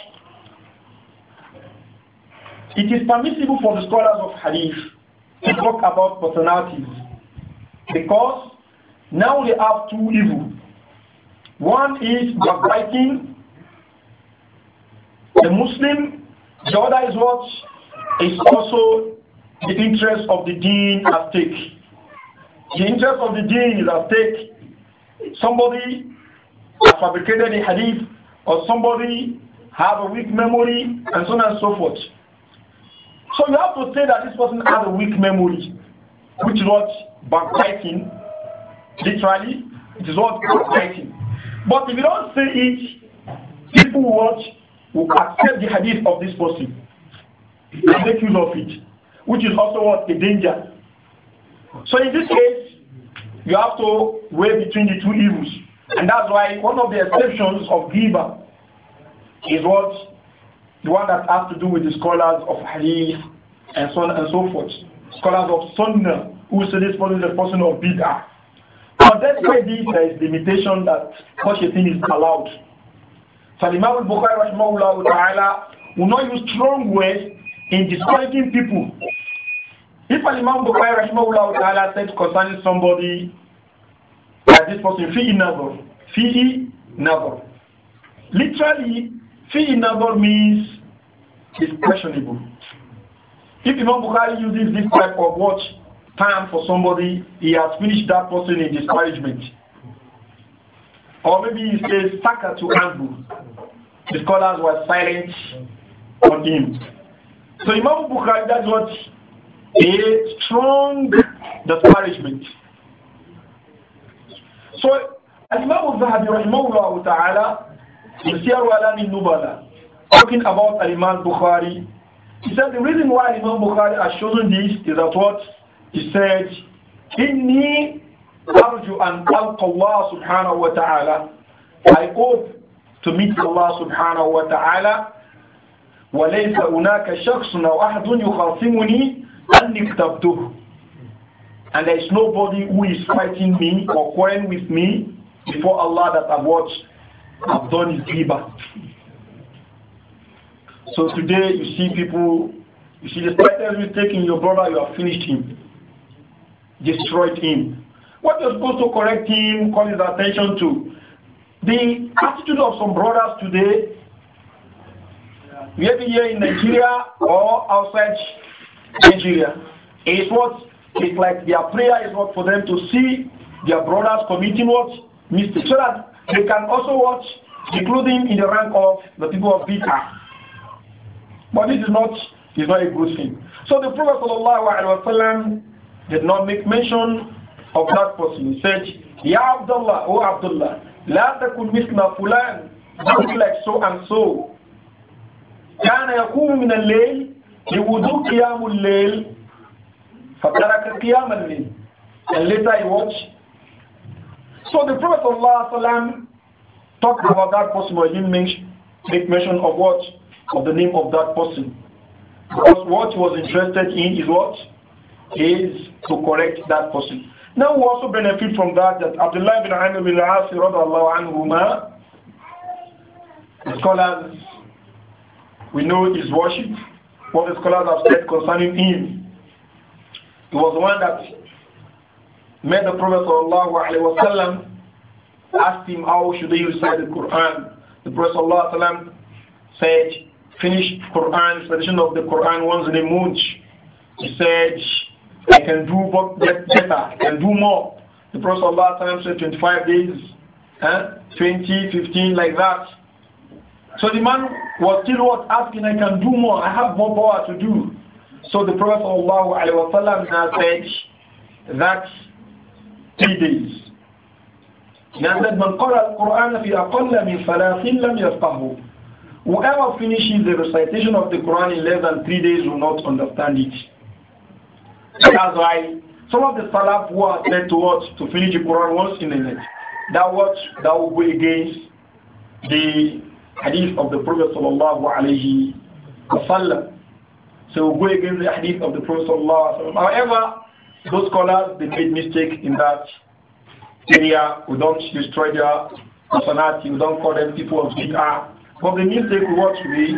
it is permissible for the scholars of hadith to talk about personalities because now they have two evils. One is backbiting the Muslim, the other is what is also the interest of the deen at stake. The interest of the deen is at stake. Somebody fabricated a hadith or somebody have a weak memory and so on and so forth. So you have to say that this person has a weak memory, which is what backbiting, literally, it is what backbiting. But if you don't say it, people who watch will accept the hadith of this person and make use of it, which is also what a danger. So in this case, you have to weigh between the two evils. And that's why one of the exceptions of giver is what the one that has to do with the scholars of hadith and so on and so forth. Scholars of sunnah who say this person is a person of bid'ah. But that's why this there is limitation that such a thing is allowed. So Imam bukhari will not use strong words in discouraging people if an Imam Bukhari Rahimahullah Ta'ala said concerning somebody that this person, fi'i nazar, fi'i nazar. Literally, fi'i nazar means it's questionable. If Imam Bukhari uses this type of watch time for somebody, he has finished that person in discouragement, Or maybe he says, Saka to Anbu. The scholars were silent on him. So Imam Bukhari, that's what a strong discouragement. So, Imam al-Zahabi rahimahullah ta'ala, in Siyar wa Nubala, talking about Imam Bukhari, he said the reason why Imam Bukhari has chosen this is that what he said, Inni arju an Allah subhanahu wa ta'ala, I hope to meet Allah subhanahu wa ta'ala, وليس هناك شخص أو أحد يخاصمني and lift up to. And there is nobody who is fighting me or quarreling with me before Allah that I've watched, have done his riba. So today you see people, you see the title you taking your brother, you have finished him, destroyed him. What you're supposed to correct him, call his attention to. The attitude of some brothers today, maybe here in Nigeria or outside Nigeria is what it's like their prayer is not for them to see their brothers committing what mistakes so that they can also watch including in the rank of the people of Bita. But this is not is not a good thing. So the Prophet wasallam did not make mention of that person. He said, Ya Abdullah, O Abdullah, La تكن مثل فلان, don't like so and so. كان يقوم من الليل he would do Qiyamul Layl, فَتَرَكَ قِيَامَ اللَّيْلِ And later he watch. So the Prophet ﷺ talked about that person, but he make mention of what? Of the name of that person. Because what he was interested in is what? Is to correct that person. Now we also benefit from that that Abdullah bin Amr bin Al-Asi anhuma, scholars we know is worship what the scholars have said concerning him. He was the one that made the Prophet wasallam asked him how should he recite the Quran. The Prophet wasallam said, finish Quran, recitation of the Quran once in a month. He said, I can do better, I can do more. The Prophet wasallam said 25 days, huh? 20, 15, like that. So the man was still what asking, I can do more, I have more power to do. So the Prophet now said that three days. Now said, Man qara al Whoever finishes the recitation of the Quran in less than three days will not understand it. That's why some of the Salaf who are to what to finish the Quran once in a night, that what that will go against the hadith of the Prophet sallallahu alayhi wasallam. So we go against the hadith of the Prophet sallallahu alayhi wasallam. However, those scholars they made mistake in that area. We don't destroy their personality. We don't call them people of bid'ah. But the mistake we want to be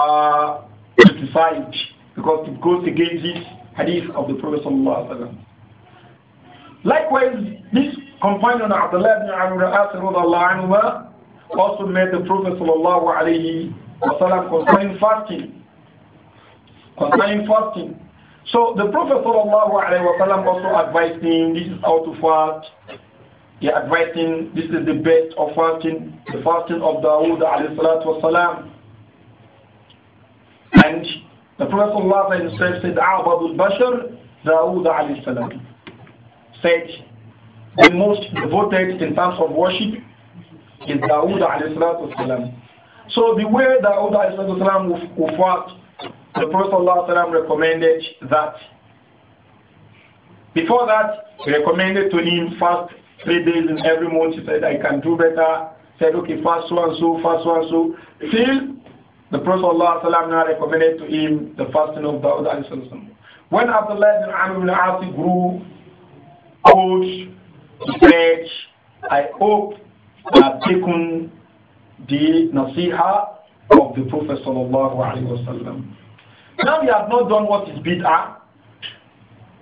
uh, crucified because it goes against this hadith of the Prophet sallallahu alayhi wasallam. Likewise, this companion Abdullah ibn Amr as also made the Prophet sallallahu alaihi wasallam concerning fasting. Concerning fasting. So the Prophet sallallahu also advised him, this is how to fast. He advised him, this is the best of fasting, the fasting of Dawood alayhi salatu And the Prophet sallallahu alaihi wasallam said, Abadul Bashar, Dawood alayhi salam. Said, the most devoted in terms of worship is Dawood والسلام. So the way Dawood والسلام wufat, the Prophet والسلام, recommended that. Before that, he recommended to him fast three days in every month. He said, I can do better. He said, okay, fast so and so, fast so and so. Till the Prophet now recommended to him the fasting of Dawud Salam. When Abdullah bin Amr bin Asi grew old, he said, I hope have taken the nasiha of the Prophet sallallahu alaihi wasallam. Now they have not done what is bid'ah,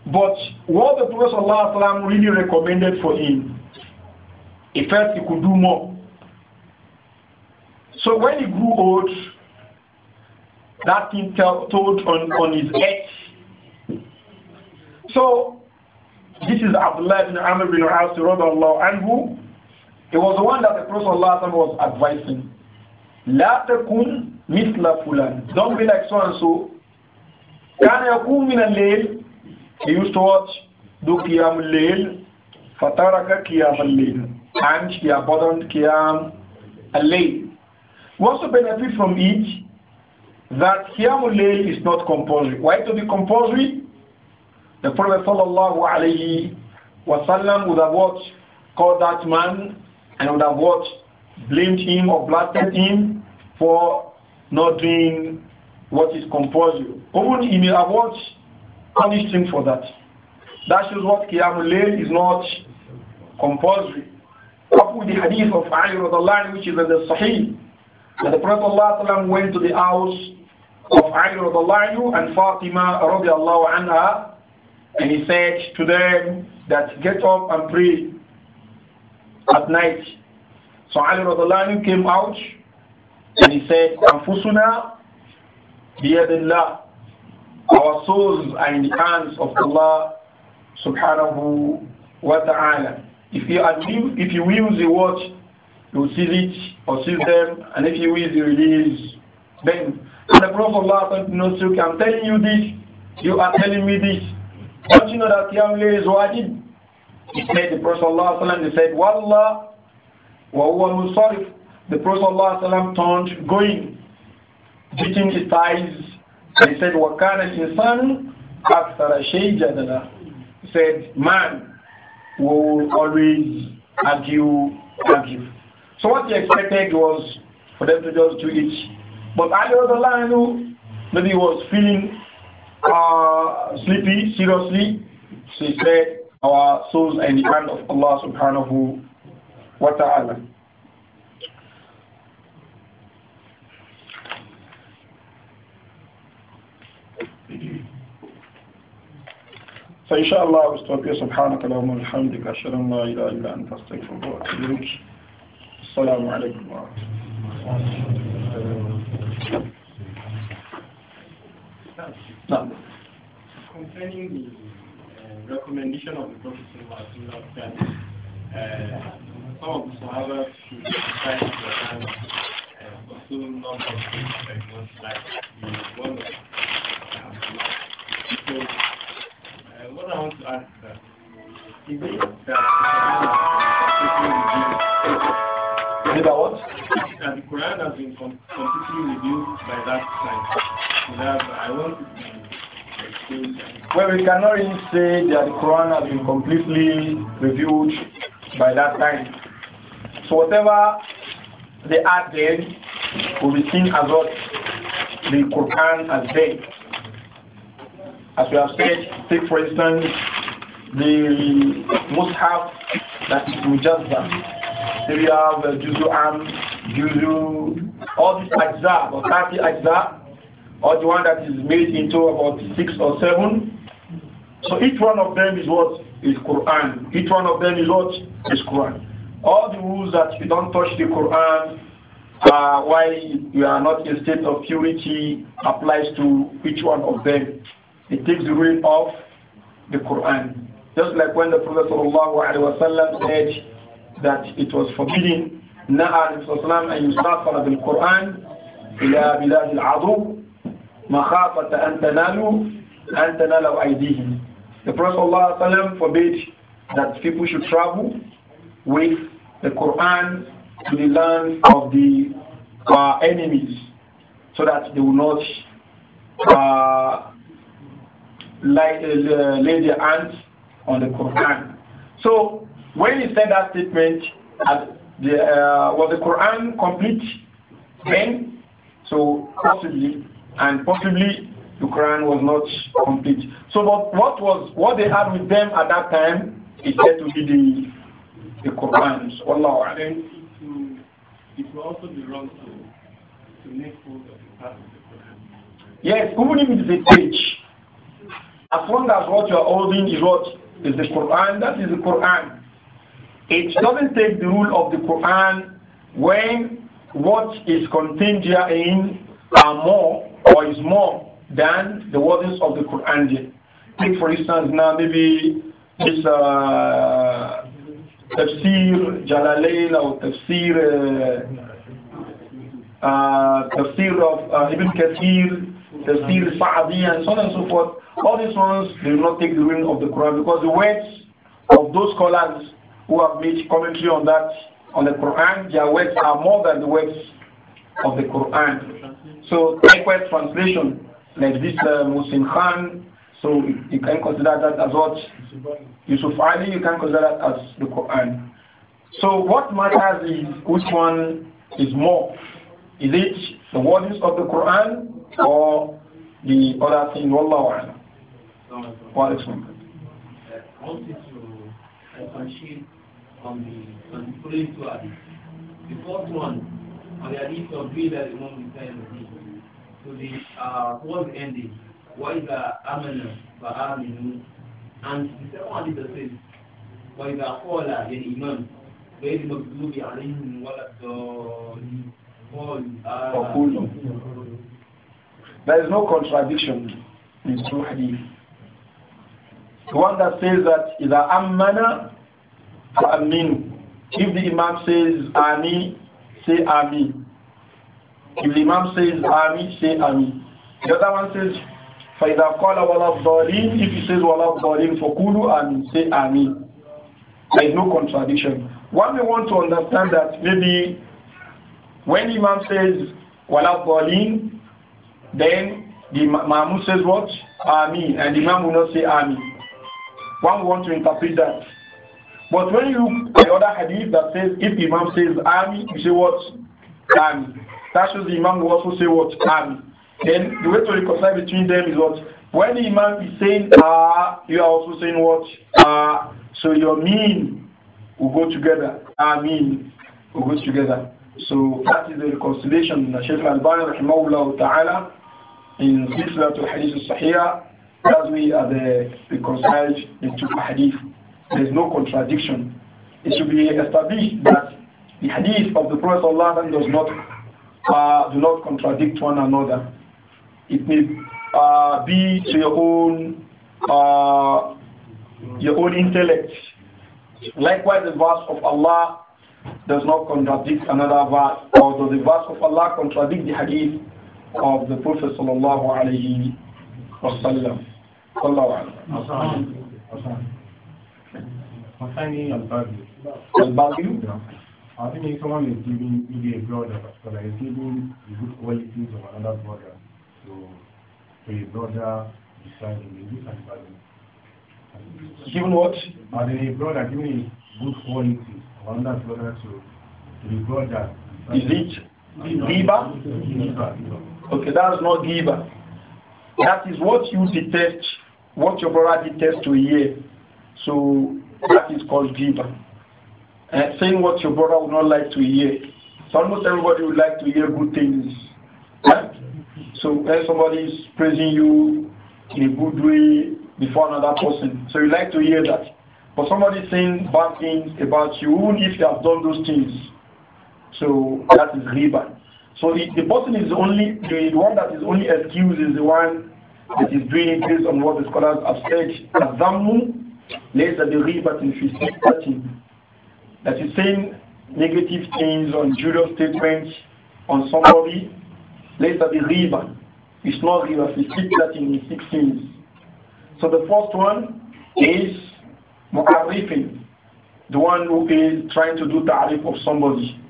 but what the Prophet sallallahu alaihi wasallam really recommended for him, he felt he could do more. So when he grew old, that thing told on, on his head. So this is Abdullah ibn Amr bin al and who. It was the one that the Prophet Allah was advising. La تكن مثل فلان. Don't be like so and so. كان min al الليل. He used to watch do قيام الليل. فترك al الليل. And he abandoned al الليل. We also benefit from it that qiyam الليل is not compulsory. Why to be compulsory? The Prophet sallallahu alayhi wa sallam would have watched called that man and would have what? Blamed him or blasted him for not doing what is compulsory. Even he may have what? Punished him for that. That shows what Qiyamul is not compulsory. Couple the hadith of Ali radiallahu which is in the Sahih. And the Prophet ﷺ went to the house of Ali radiallahu and Fatima radiallahu anha and he said to them that get up and pray at night. So Ali Radhalani came out and he said, Anfusuna biyadillah. Our souls are in the hands of Allah subhanahu wa ta'ala. If you, if you use the watch, you will seal it or seal them, and if you use the release them. And the Prophet Allah said, no, so I'm telling you this, you are telling me this. Don't you know that lady is wajib? He said, the Prophet ﷺ, he said, Wallah, wa huwa musarif. The Prophet ﷺ turned, going, beating his thighs, he said, wa kana insan akthara shay jadala. He said, man will always argue, argue. So what he expected was for them to just do it. But Ali Radhalanu, maybe he was feeling uh, sleepy, seriously. So he said, our souls are in the hand of Allah subhanahu wa ta'ala. فإن الله أستغفر سبحانك اللهم وبحمدك أشهد أن لا إله إلا أنت أستغفرك وأتوب إليك السلام عليكم ورحمة الله نعم recommendation of the Prophet that uh, some of the Sahaba should decide to uh, consume number of things like one like the one of So uh, what I want to ask that is it that the Quran has been completely Is that the Quran has been completely revealed by that time. So that I want to well, we cannot even say that the Quran has been completely reviewed by that time. So whatever they add, will be seen as what the Quran has said. As we have said, take for instance the Mus'haf that is Mujazza. Here we have uh, Juzu Am, Juzu, all these Ajza, or 30 Ajza, or the one that is made into about six or seven. So each one of them is what is Quran. Each one of them is what is Quran. All the rules that you don't touch the Quran uh, why you are not in state of purity applies to each one of them. It takes the rule of the Quran. Just like when the Prophet said that it was forbidden, Naa al صلى الله عليه وسلم أن يسافر بالقرآن إلى مَخَافَةَ أَن تَنَالُوا أَن تَنَالَوْا أَيْدِيهِمْ The Prophet ﷺ forbade that people should travel with the Quran to the land of the uh, enemies so that they will not uh, lay, uh, lay their hands on the Quran. So when he said that statement, the, uh, was the Quran complete then? So possibly and possibly the Quran was not complete. So but what was what they had with them at that time is said to be the the Quran. Wallahu alim. It will also be wrong to, to make hold of the past. Yes, even if it's a page, as long as what you are holding is what is the Quran, that is the Quran. It doesn't take the rule of the Quran when what is contained herein are more or is more than the words of the Quran Take for instance now maybe this uh, tafsir Jalalayn or tafsir uh, uh, tafsir of uh, Ibn Kathir, tafsir Sa'adi and so on and so forth. All these ones they do not take the ring of the Quran because the words of those scholars who have made commentary on that on the Quran, their words are more than the words of the Quran. So likewise translation, like this uh, Muslim Khan, so you can consider that as what Yusuf Ali, you can consider that as the Quran. So what matters is which one is more. Is it the words of the Quran or the other thing? Wallahu a'lam. What uh, is I wanted to achieve on the on the following two hadiths. The first one, on the hadith of Bilal Imam Hussein to the uh, towards the ending. وَإِذَا آمَنَ فَآمِنُوا And the second one is the same. وَإِذَا قَالَ لِلْإِمَامِ غَيْرِ مَغْضُوبِ عَلَيْهِمْ وَلَا الضَّالِّينَ قَالُوا There is no contradiction in two hadith. The one that says that is إِذَا آمَنَ فَآمِنُوا If the Imam says Ami, say Ami. If the Imam says Ami, say Ami. The other one says فَإِذَا قَالَ وَلَا الضَّالِينَ If he says وَلَا الضَّالِينَ فَقُولُوا Ami, say Ami. There is no contradiction. One may want to understand that maybe when Imam says wala balin, then the Mahmud says what? Ami, and the Imam will not say Ami. One want to interpret that. But when you look at the other hadith that says if Imam says Ami, you say what? Ami. That's shows the Imam will also say what and Then the way to reconcile between them is what when the Imam is saying ah, you are also saying what ah. So your mean will go together. I ah, mean will go together. So that is the reconciliation. Shaykh Al-Bani rahimahullah ta'ala in Siflat al-Hadith al-Sahih as we are the reconciled two hadith. There is no contradiction. It should be established that the hadith of the Prophet Allah does not uh, do not contradict one another. It may uh, be to your own uh, your own intellect. Likewise, the verse of Allah does not contradict another verse, or does the verse of Allah contradict the hadith of the Prophet sallallahu alaihi wasallam? Al-Baghi. Al-Baghi? I think if someone is giving maybe a brother, so like giving the good qualities of another brother to to a brother beside him, is this advisable? Given what? As the a brother giving a good quality of another brother to to the brother. Is it giver? Okay, that's not giver. That is what you detest, what your brother detests to hear. So that is called giver uh, saying what your brother would not like to hear. So almost everybody would like to hear good things. Right? So when somebody is praising you in a good way before another person, so you like to hear that. But somebody saying bad things about you, even if you have done those things, so that is riba. So the, the person is only the one that is only excused is the one that is doing it based on what the scholars have said. Azamu laysa bi ribatin fi sittatin that is saying negative things on Julius' statements on somebody, let's be riba. It's not riba, he speaks that in six things. So the first one is mu'arifin, the one who is trying to do ta'rif of somebody,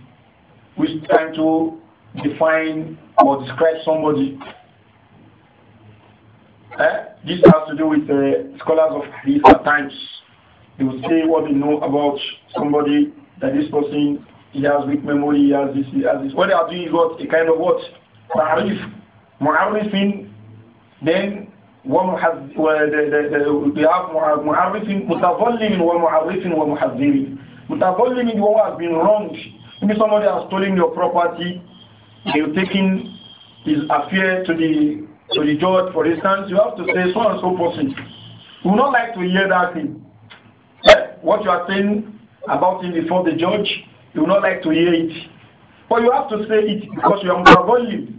who is trying to define or describe somebody. Eh? This has to do with the uh, scholars of hadith at times. They will say what they know about somebody that this person he has weak memory, he has this, he has this. What they are doing is what a kind of what ta'rif, mu'arrifin. Then one has they have mu'arrifin, mutawallimin wa mu'arrifin wa muhazzirin. Mutawallimin the one has been wronged. Maybe somebody has stolen your property, you've taken his affair to the to the judge, for instance. You have to say so and so person. We would not like to hear that thing what you are saying about him before the judge, you would not like to hear it. But you have to say it because you are Muawiyah.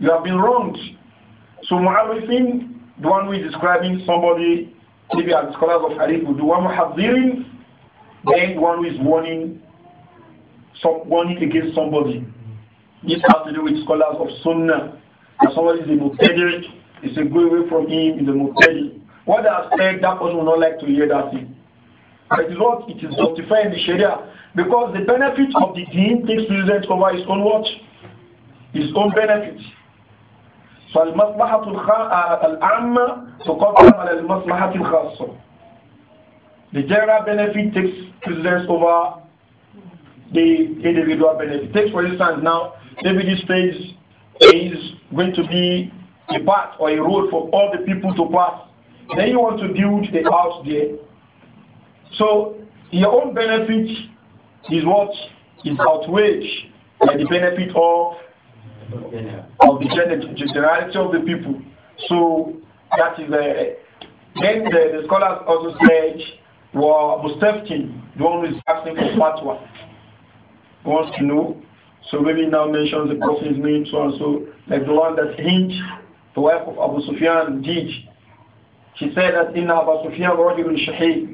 You have been wronged. So Muawiyah, the one who is describing somebody, maybe as scholars of Hadith one who one muhadhirin, then one who is warning, warning against somebody. This has to do with scholars of Sunnah. If somebody is a mutadiri, it's a good way from him in the mutadiri. What I said, that person will not like to hear that thing. That is what it is justified in the Sharia. Because the benefit of the deen takes precedence over his own watch, his own benefit. فالمصلحة العامة تقدم على المصلحة الخاصة. The general benefit takes precedence over the individual benefit. Take for instance now, maybe this place is going to be a path or a road for all the people to pass. Then you want to build a house there. So your own benefit is what is outweighed by the benefit of of the generality of the people. So that is a uh, then the, the scholars also said well Mustafkin, the one who is asking for fatwa, wants to know. So maybe now mentions the Prophet's name, so and so, like the one that Hind, the wife of Abu Sufyan, did. She said that in Abu Sufyan Rajul Shahid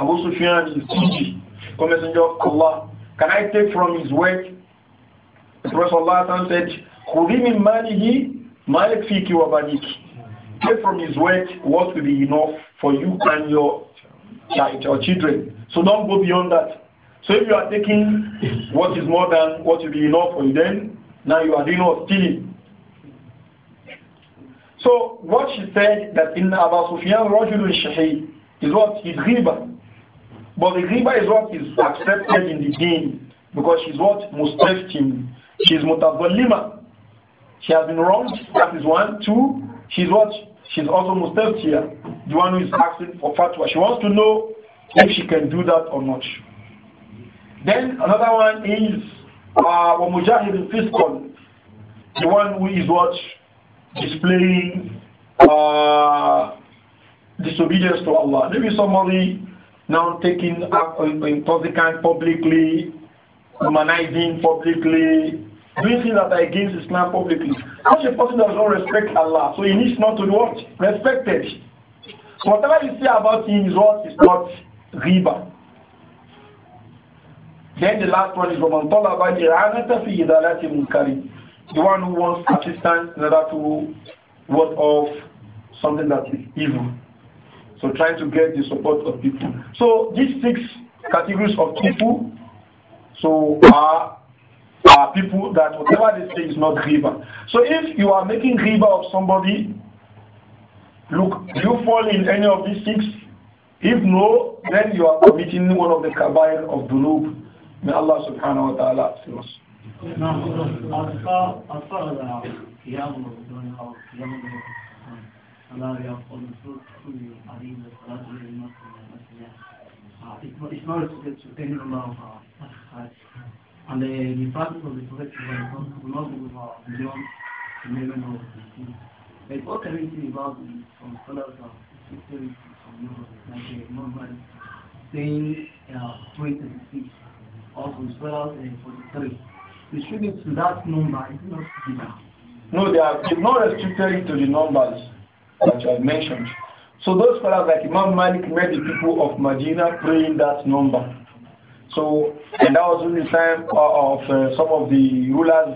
Abu Sufyan is stingy. Come, Messenger of Allah, can I take from his wealth? The Prophet Allah said, Khudi min manihi malik fiki wa banik. Take from his wealth what will be enough for you and your, your children. So don't go beyond that. So if you are taking what is more than what will be enough for you, then now you are doing what? Stealing. So what she said that in Abu Sufyan, Rajulun Shahi is what? His but the river is what is accepted in the deen because she's what? Mustaftim. She's mutabalima. She has been wronged. That is one. Two, she's what? She's also mustafia, The one who is asking for fatwa. She wants to know if she can do that or not. Then another one is uh, Mujahid Fiskon, the one who is what? Displaying uh, disobedience to Allah. Maybe somebody now taking up in, in publicly, humanizing publicly, doing things that are against Islam publicly. Such a person does not respect Allah, so he needs not to be what? Respected. whatever you say about him is what is not riba. Then the last one is Roman Tolaba Iranata fi Idalati Munkari. The one who wants assistance in order to ward off something that is evil. So trying to get the support of people. So these six categories of people so are, are people that whatever they say is not riba. So if you are making riba of somebody, look, you fall in any of these six? If no, then you are committing one of the kabair of dhunub. May Allah subhanahu wa ta'ala save us. فلا يقول It's not respected to any Allah And the impact of the Prophet will not beyond the level of the team. Like what can we from scholars of history from Europe, like Norman saying uh, 336 or from scholars uh, 43? We should to that number, it's not enough. No, they are not restricted to the numbers that you mentioned. So those scholars like Imam Malik made the people of Medina praying that number. So, and that was during the time uh, of uh, some of the rulers,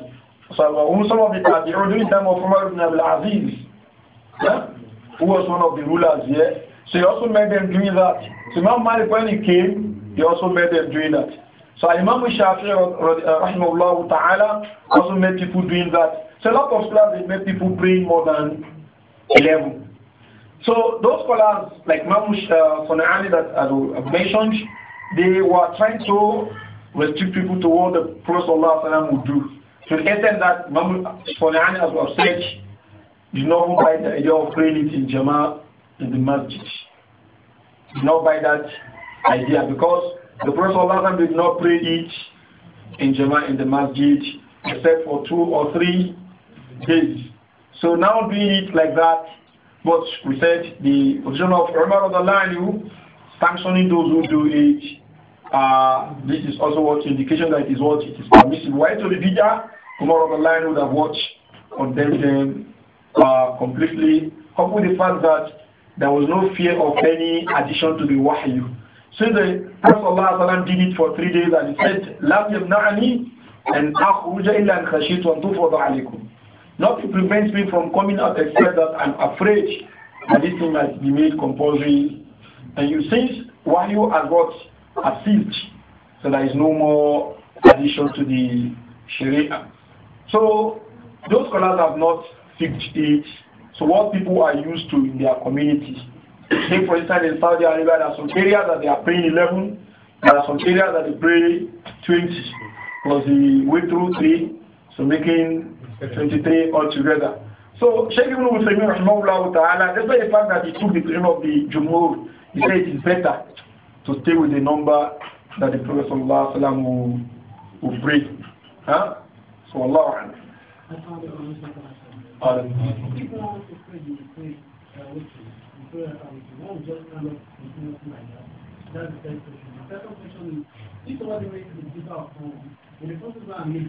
some, uh, some of the Tabi'un, during the time of Umar ibn Aziz, yeah? who was one of the rulers here. Yeah? So he also made them doing that. So Imam Malik, when he came, he also made them doing that. So Imam Shafi'i, uh, rahimahullah ta'ala, also made people doing that. So a lot of scholars, they made people praying more than 11. So those scholars like Mamush Sonali that I mentioned, they were trying to restrict people to what the Prophet Allah would do. To so the extent that Mamush Sonali, as well said, did not buy the idea of praying it in Jama in the masjid. Did not buy that idea because the Prophet Allah did not pray it in Jama in the masjid except for two or three days. So now doing it like that, but we said the position of Umar Radallahu sanctioning those who do it, uh, this is also what indication that it is what it is permissible. Why to the bid'ah? Umar Radallahu would have watched on them uh, completely, coupled with the fact that there was no fear of any addition to the wahy. So the Prophet ﷺ did it for three days and he said, لَمْ يَمْنَعَنِي أَنْ أَخْرُجَ إِلَّا أَنْ خَشِيتُ أَنْ تُفْرَضَ عَلَيْكُمْ Nothing prevents me from coming out except that I'm afraid that this thing might be made compulsory. And you since while you got a assist, so there is no more addition to the Sharia. So those scholars have not fixed it. So what people are used to in their communities. Say for instance in Saudi Arabia there are some areas that they are paying eleven, there are some areas that they pay twenty, plus the way through three, so making 23 altogether. So Sheikh Ibn Uthaymeen rahimahullah ta'ala, despite the fact that he took the claim of the Jumhur, he said it is better to stay with the number that the Prophet sallallahu alaihi Wasallam will, will bring. Huh? So Allah That's the first question. The second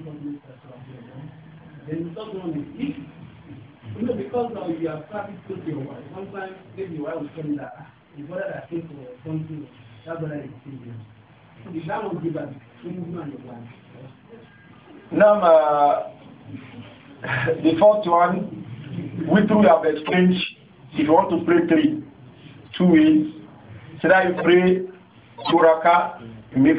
Then the third one is if, you know, because now you have started to your wife, sometimes maybe your wife will tell you that, ah, your brother that came for something, that that will give us between you and your wife. Now, uh, the one, we two have exchanged, if you want to pray three, two ways. So that you pray two raka, you make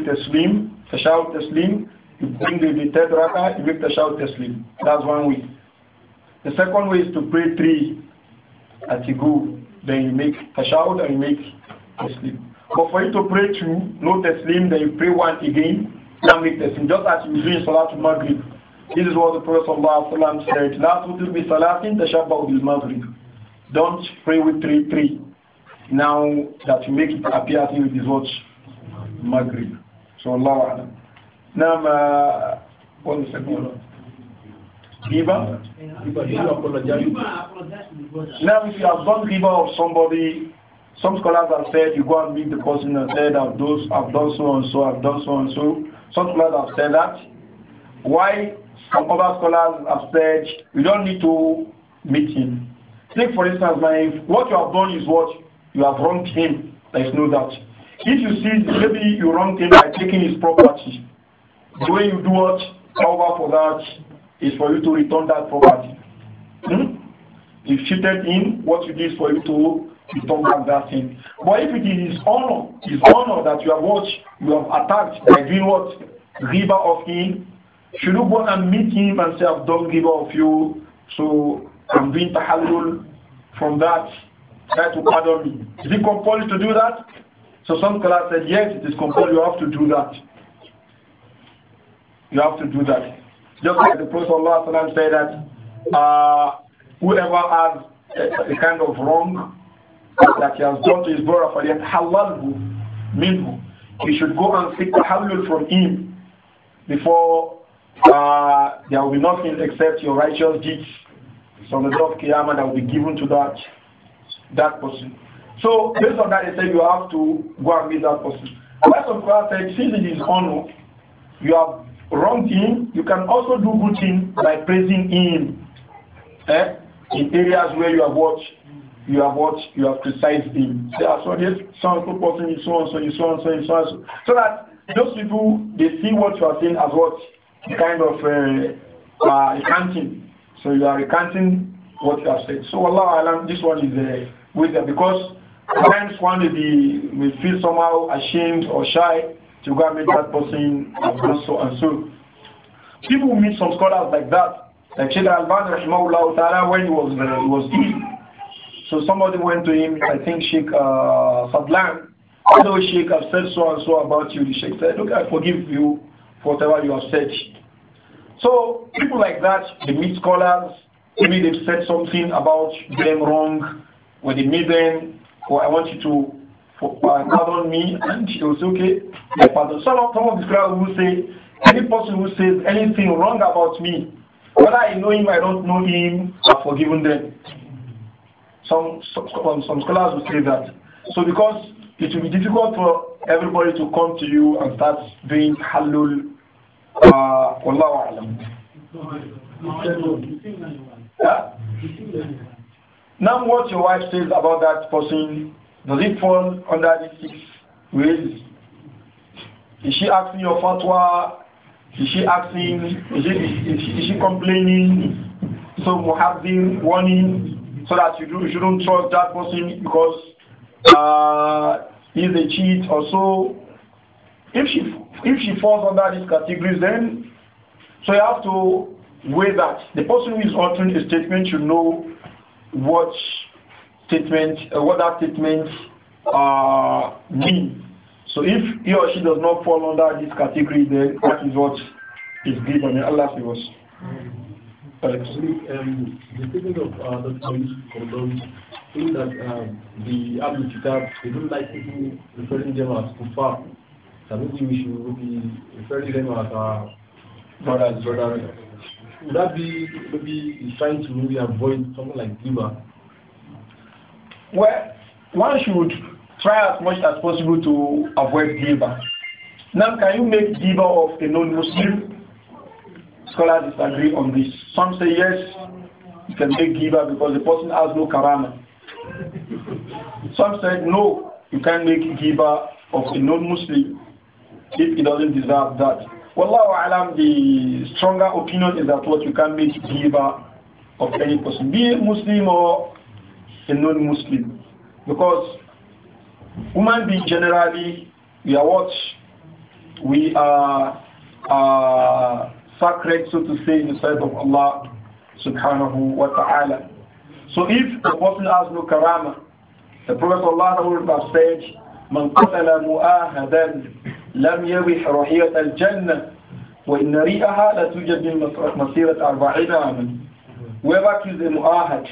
shout the slim. You bring the, the third rakah, you make the shout taslim. That's one way. The second way is to pray three at Then you make shout and you make taslim. But for you to pray two, no taslim, then you pray one again, now make taslim. Just as you do in Salatul Maghrib. This is what the Prophet ﷺ said. La tutul be salatin tashabbahu bil Maghrib. Don't pray with three, three. Now that you make it appear as if it is what? Maghrib. So Allah now, what is the second one? Riba? Now, if you have done riba of somebody, some scholars have said you go and meet the person and said I've done, I've done so and so, I've done so and so. Some scholars have said that. Why some other scholars have said you don't need to meet him. Take for instance, my what you have done is what you have wronged him. There is no doubt. If you see maybe you wronged him by taking his property, the way you do what? Tawbah for that is for you to return that property. Hmm? You cheated in what you did for you to return back that thing. But if it is honor, it's honor that you have watched, you have attacked by doing what? River of him. Should you go and meet him and say, I've done river of you, so I'm doing tahallul from that, try to pardon me. Is it compulsory to do that? So some scholars said, yes, it is compulsory, you have to do that. You have to do that. Just like the Prophet Allah said that uh, whoever has a, a, kind of wrong that he has done to his brother for yet mean minhu, he should go and seek halal from him before uh, there will be nothing except your righteous deeds. So the day of Qiyamah that will be given to that that person. So based on that, they said you have to go and meet that person. Whereas of said, since it is honor, you have wrong thing, you can also do good thing by praising him eh? in areas where you have watched, you have watched, you have criticized him. Say, I ah, saw this so and so person so and so, so and so, so and so. So that those people, they see what you are saying as what kind of uh, uh, recanting. So you are recanting what you have said. So Allah Alam, this one is uh, eh, with them because sometimes one may, be, may feel somehow ashamed or shy to go and meet that person and so and so. People meet some scholars like that. Like Sheikh Al-Bani Rahimahullah Ta'ala when he was, uh, he was ill. So somebody went to him, I think Sheikh uh, Fadlan. Hello Sheikh, I've said so and so about you. The Sheikh said, look, I forgive you for whatever you have said. So people like that, they meet scholars, maybe they've said something about them wrong, or they meet them, or I want you to uh, pardon me, and she was okay. Yeah, pardon. Some of, some of the scholars will say, any person who says anything wrong about me, whether I know him, I don't know him, I've forgiven them. Some, some, some scholars will say that. So because it will be difficult for everybody to come to you and start doing halul, uh, wallahu Yeah? Now what your wife says about that person does it fall under the six ways? Is she asking your fatwa? Is she asking? Is she, is So is she complaining? So muhabbin, warning, so that you, do, you shouldn't trust that person because uh, he's a cheat or so. If she if she falls under these categories, then so you have to weigh that. The person who is uttering a statement should know what statement, uh, what that statement uh, means. So if he or she does not fall under this category, then that is what is given. Allah save us. Alex. Um, the statement of uh, that comes condemns saying that um, the Abu Kitab, they don't like people referring them as kuffar. So maybe we should be referring them as our brothers. brothers. Would that be maybe trying to maybe avoid something like Giba? Well, one should try as much as possible to avoid giver. Now, can you make giver of a non-Muslim? Scholars disagree on this. Some say yes, you can make giver because the person has no karama. Some say no, you can't make giver of a non-Muslim if he doesn't deserve that. Wallahu alam, the stronger opinion is that what you can make giver of any person, be it Muslim or a non-Muslim. Because human beings generally, we are what? We are uh, sacred, so to say, in the sight of Allah subhanahu wa ta'ala. So if the person has no karama, the Prophet Allah would have said, من قتل مؤاهدا لم يرح رحية الجنة وإن ريئها لا توجد من مسيرة أربعين عاما. Whoever kills a mu'ahad,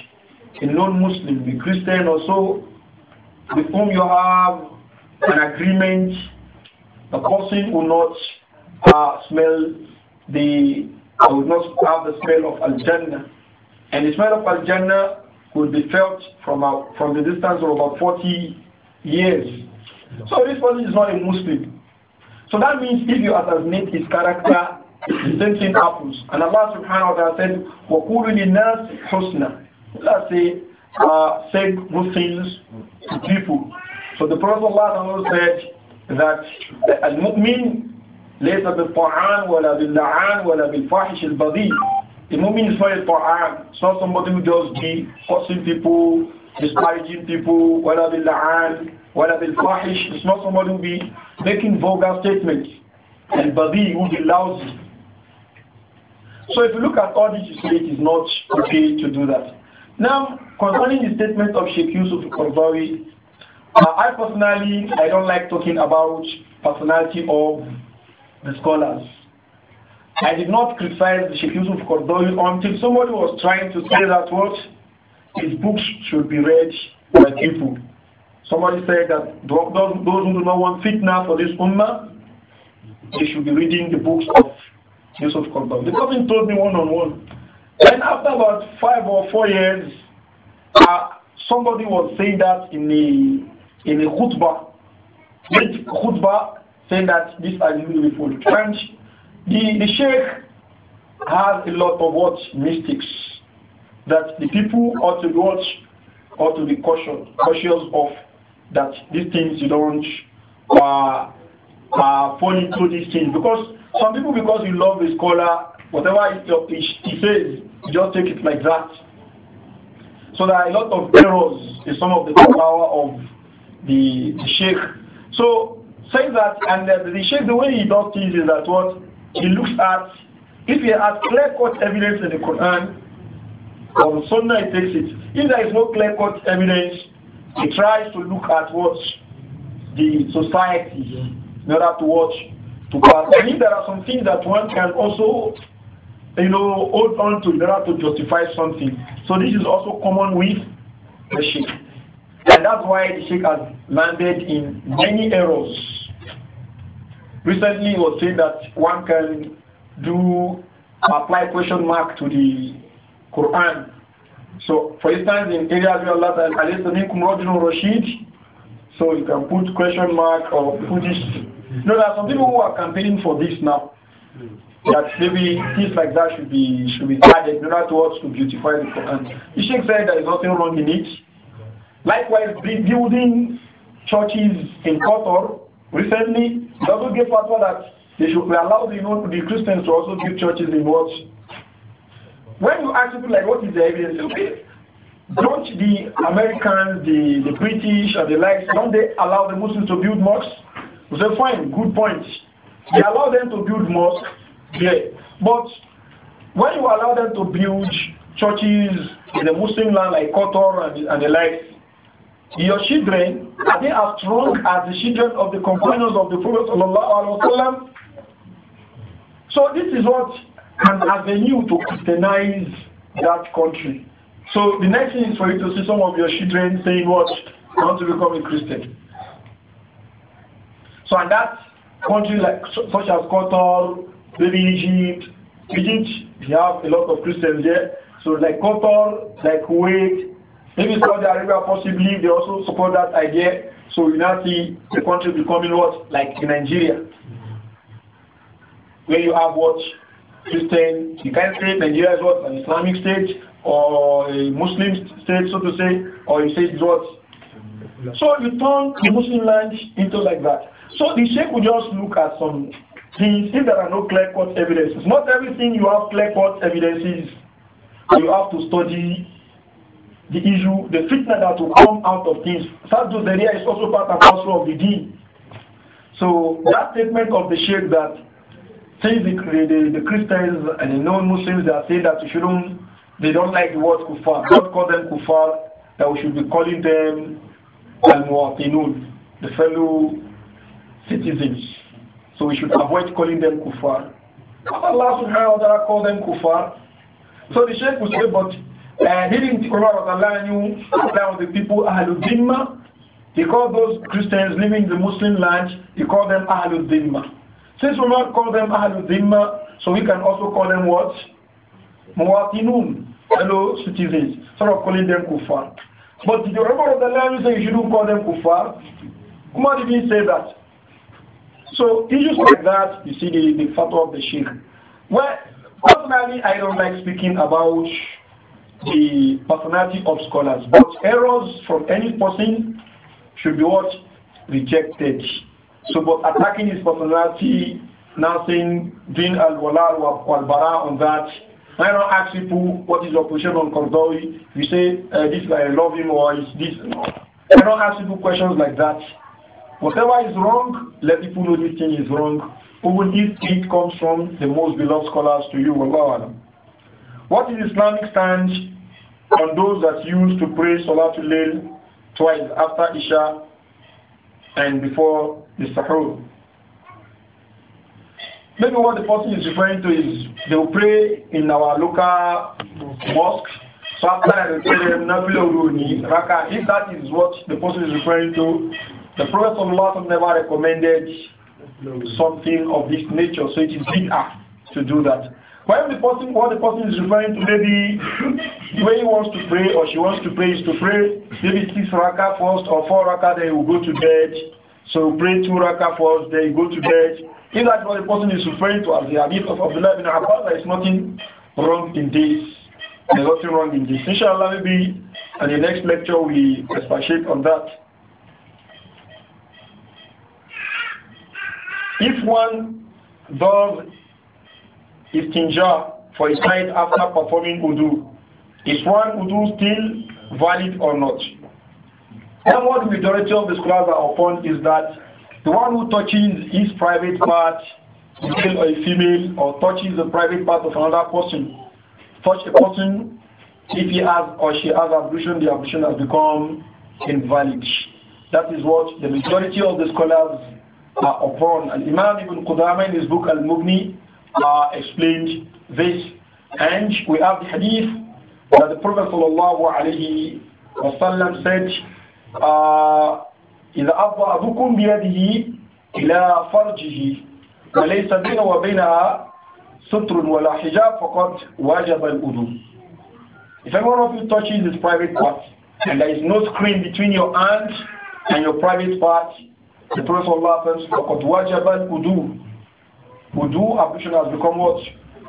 a non-Muslim, be Christian or so, with whom you have an agreement, the person will not uh, smell the, uh, will not have the smell of Al-Jannah. And the smell of Al-Jannah will be felt from, a, from the distance of about 40 years. So this person is not a Muslim. So that means if you assassinate his character, the same thing happens. And Allah subhanahu wa ta'ala said, وَقُولُ لِلنَّاسِ let's say, uh, say good things to people. So the Prophet Allah said that al-mu'min ليس بالطعان ولا bil ولا بالفاحش البذيء. The mu'min is not a ta'an. It's not somebody who just be cursing people, disparaging people, ولا باللعان, ولا بالفاحش. It's not somebody who be making vulgar statements. And badi will be lousy. So if you look at all this, you say it is not okay to do that. Now, concerning the statement of Sheikh Yusuf Korbawi, uh, I personally, I don't like talking about personality of the scholars. I did not criticize Sheikh Yusuf Kordawi until somebody was trying to say that what his books should be read by people. Somebody said that those, who do not want fitna for this ummah, they should be reading the books of Yusuf Kordawi. The person told me one on one then after about five or four years, uh, somebody was saying that in the in the khutbah, late khutbah, saying that this is beautiful French. The the sheikh has a lot of what mystics that the people ought to watch ought to be cautious cautious of that these things you don't uh, uh, fall into these things because some people because you love the scholar whatever he, he says just take it like that. So there are a lot of errors in some of the power of the, the sheikh. So say that, and the, the sheikh, the way he does things is that what he looks at, if he has clear-cut evidence in the Quran or the Sunnah, he takes it. If there is no clear-cut evidence, he tries to look at what the society in order to watch to pass. And if there are some things that one can also you know, hold on to in order to justify something. So this is also common with the sheikh. And that's why the sheikh has landed in many errors. Recently he was said that one can do apply question mark to the Quran. So for instance in areas where Allah Rashid, so you can put question mark or put this. You know there are some people who are campaigning for this now that maybe things like that should be should be added in order to us to beautify the Quran. The Sheikh said there is nothing wrong in it. Likewise, building churches in Qatar recently, they also gave fatwa that they should allow the, the Christians to also build churches in what? When you ask people like, what is the evidence? Okay, don't the Americans, the, the British, or the likes, don't they allow the Muslims to build mosques? We say, fine, good point. They allow them to build mosques yeah. But when you allow them to build churches in a Muslim land like Qatar and, and the like, your children, are they as strong as the children of the companions of the Prophet Sallallahu So this is what an avenue to Christianize that country. So the next thing is for you to see some of your children saying what? I want to become a Christian. So and that country like such as Qatar, maybe Egypt. Egypt, you have a lot of Christians there. So like Qatar, like Kuwait, maybe Saudi Arabia possibly, they also support that idea. So you now see the country becoming what? Like in Nigeria. Where you have what? Christian, you can't say Nigeria is what? An Islamic state or a Muslim state, so to say, or you say it's what? So you turn the Muslim land into like that. So the Sheikh will just look at some since if there are no clear-cut evidences, not everything you have clear-cut evidences, you have to study the issue, the fitna that will come out of this. Sadhu Zaria is also part and parcel of the deen. So that statement of the Sheikh that since the, the, the, Christians and the non-Muslims they are saying that we shouldn't, they don't like the word kuffar, don't call them kuffar, that we should be calling them al-muwatinun, the fellow citizens. So we should avoid calling them kuffar. Allah subhanahu wa ta'ala called them kuffar. So the Sheikh would say, but uh, didn't Umar Allah knew that the people Ahlul Dimma. He called those Christians living in the Muslim lands, he called them Ahlul Dimma. Since not call them Ahlul Dimma, so we can also call them what? Muwatinun, fellow citizens, sort of calling them kuffar. But the Umar Allah say you shouldn't call them kuffar. Umar didn't say that. So issues like that, you see the, the photo of the sheikh. Well, personally, I don't like speaking about the personality of scholars, but errors from any person should be what rejected. So, but attacking his personality, nothing, doing al-wala wal-bara on that. I don't ask people what is your position on Kordawi. You say uh, this guy, I love him, or is this. I don't ask people questions like that. Whatever is wrong, let people know this thing is wrong, even if it comes from the most beloved scholars to you, Allah. What is Islamic stance on those that used to pray Salatul Layl twice after Isha and before the Sahur? Maybe what the person is referring to is they will pray in our local mosque. So after I will pray them, If that is what the person is referring to, the Prophet Allah never recommended something of this nature, so it is bid'ah to do that. When the person, what the person is referring to, maybe when he wants to pray or she wants to pray, is to pray maybe six rakah first or four rakah, then he will go to bed. So pray two rakah first, then go to bed. If that's what the person is referring to as the hadith of Abdullah ibn Abbas, there is nothing wrong in this. There's nothing wrong in this. Inshallah, maybe in the next lecture we expatiate on that. If one does istinja for his night after performing wudu, is one wudu still valid or not? And what the majority of the scholars are upon is that the one who touches his private part, male or female, or touches the private part of another person, touch a person, if he has or she has ablution, the ablution has become invalid. That is what the majority of the scholars uh, upon. And Imam Ibn Qudama in his book Al-Mughni uh, explained this. And we have the hadith that the Prophet وسلم, said, uh, إذا أبى أبوكم بيده إلى فرجه وليس بينه وبينها ستر ولا حجاب فقد واجب الأذن. If anyone of you touches his private part and there is no screen between your hand and your private part, the Prophet Allah says, فَقَدْ وَجَبَ الْأُدُوء Udu Udu ablution has become what?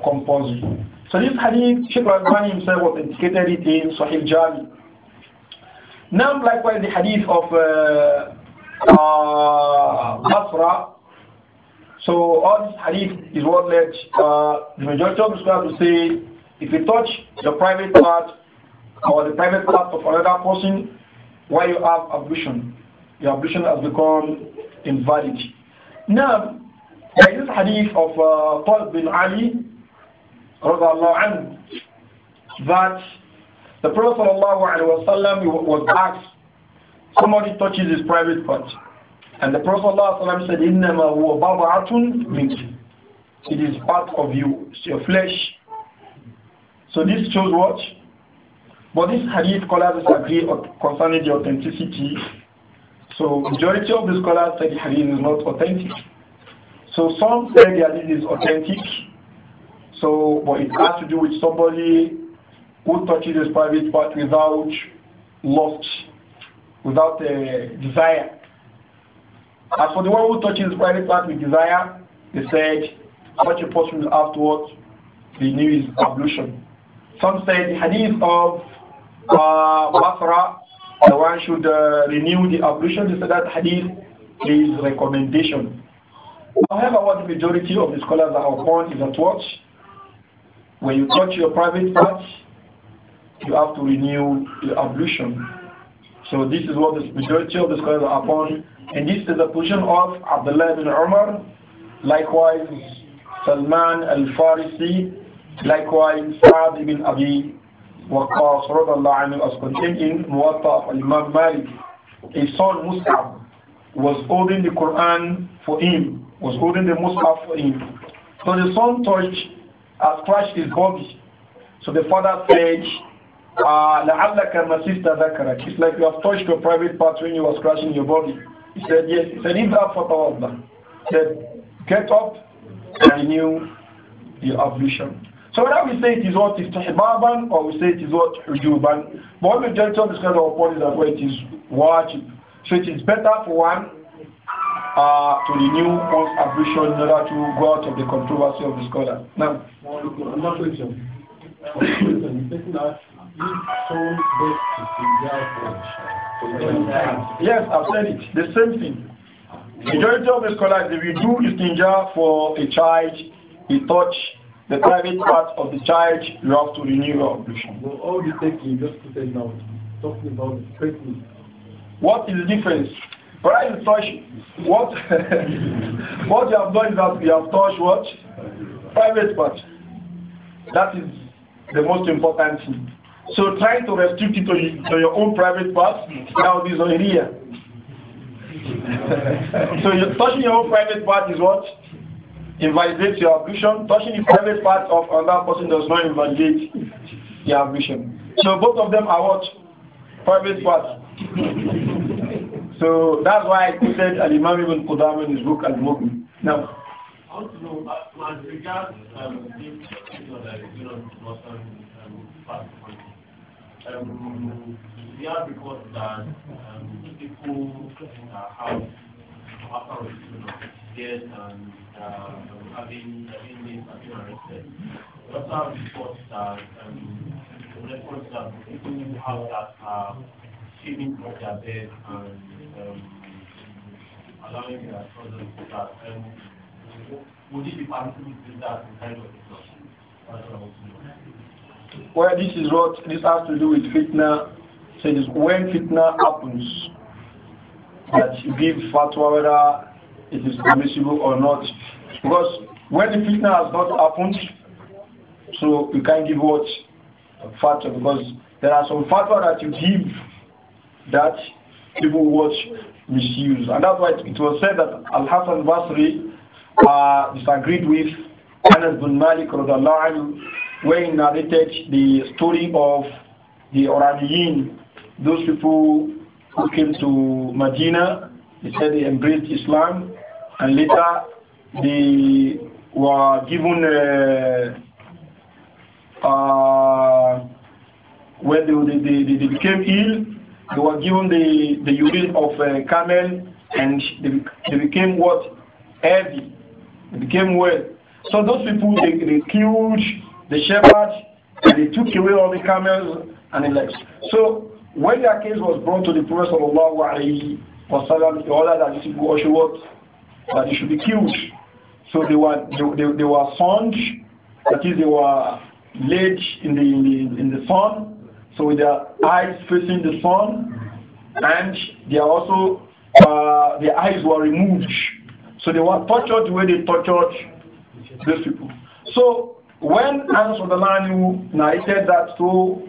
Compulsory. So this hadith, Sheikh Al-Albani himself was indicated it in Sahih Jami. Now likewise the hadith of uh, uh, Basra, so all this hadith is what led uh, the majority of scholars to say if you touch the private part or the private part of another person why you have ablution, the ablution has become invalid. Now, there is hadith of uh, Paul bin Ali anhu, that the Prophet wasallam was asked, somebody touches his private part. And the Prophet ﷺ said, Innama huwa It is part of you, it's your flesh. So this shows what? But this hadith scholars agree concerning the authenticity so majority of the scholars said the hadith is not authentic. So some say the hadith is authentic. So, but it has to do with somebody who touches his private part without lust, without uh, desire. As for the one who touches his private part with desire, they said such a person will afterwards renew his ablution. Some say the hadith of uh, Basra the one should uh, renew the ablution. They that hadith is recommendation. However, what the majority of the scholars are upon is that what? When you touch your private part, you have to renew the ablution. So this is what the majority of the scholars are upon. And this is the position of Abdullah bin Umar, likewise Salman al-Farisi, likewise Saad ibn Abi Waqas radiallahu anhu as contained in Muwatta Imam son Mus'ab was holding the Quran for him, was holding the Mus'ab for him. So the son touched, has scratched his body. So the father said, لَعَلَّكَ مَسِفْتَ ذَكَرَكَ It's like you have touched your private part when you were scratching your body. He said, yes. He said, إِذْهَا فَتَوَضَّ He said, get up and renew the ablution. So whether we say it is what is istihbaban or we say it is what ujuban, but what the Johnson is kind of point, is that well, it is wajib. So it is better for one uh, to renew one's ablution in order to go out of the controversy of the scholar. Now, another question. yes, I've said it. The same thing. Majority of the scholars, if you do istinja for a child, a touch, the private part of the charge, you have to renew your obligation. So all the taking, just to say now, talking about the taking. What is the difference? Right, touch, what, what you have done is that you have touched what? Private part. That is the most important thing. So trying to restrict it to, to your own private part, now this is here. so touching your own private part is what? invalidates your ablution. Touching the private part of another person does not invalidate your ablution. So both of them are what? Private parts. so that's why I said Al Imam Ibn Qudam in his book Al Mughni. Now. I want to know, as regards um, you know, like, you know, Muslim um, fast um, we have reports that um, people in our house, after you know, death and um, having, having this having arrested. We also um, have reports that um, records that people have that are shaving off their bed and um, allowing their children to start. And would it be permissible to do that kind of discussion? Well, this is what this has to do with fitna. Says so when fitna happens, that you give fatwa whether it is permissible or not. Because when the fitna has not happened, so you can't give what fatwa because there are some fatwa that you give that people watch misuse. And that's why it was said that Al Hassan Basri uh, disagreed with Anas bin Malik anhu, when he narrated the story of the Oraniyin, those people who came to Medina, He said they embraced Islam and later they were given uh, uh, when they, they, they, they, became ill, they were given the, the urine of a uh, camel and they, they became what? Heavy. They became well. So those people, they, they killed the shepherds and they took away all the camels and the legs. So when their case was brought to the Prophet Sallallahu he ordered that these people what? But they should be killed. So they were they, they, they were sunk, that is they were laid in the, in the in the sun, so with their eyes facing the sun, and they are also uh, their eyes were removed. So they were tortured the way they tortured these people. So when Anas narrated that to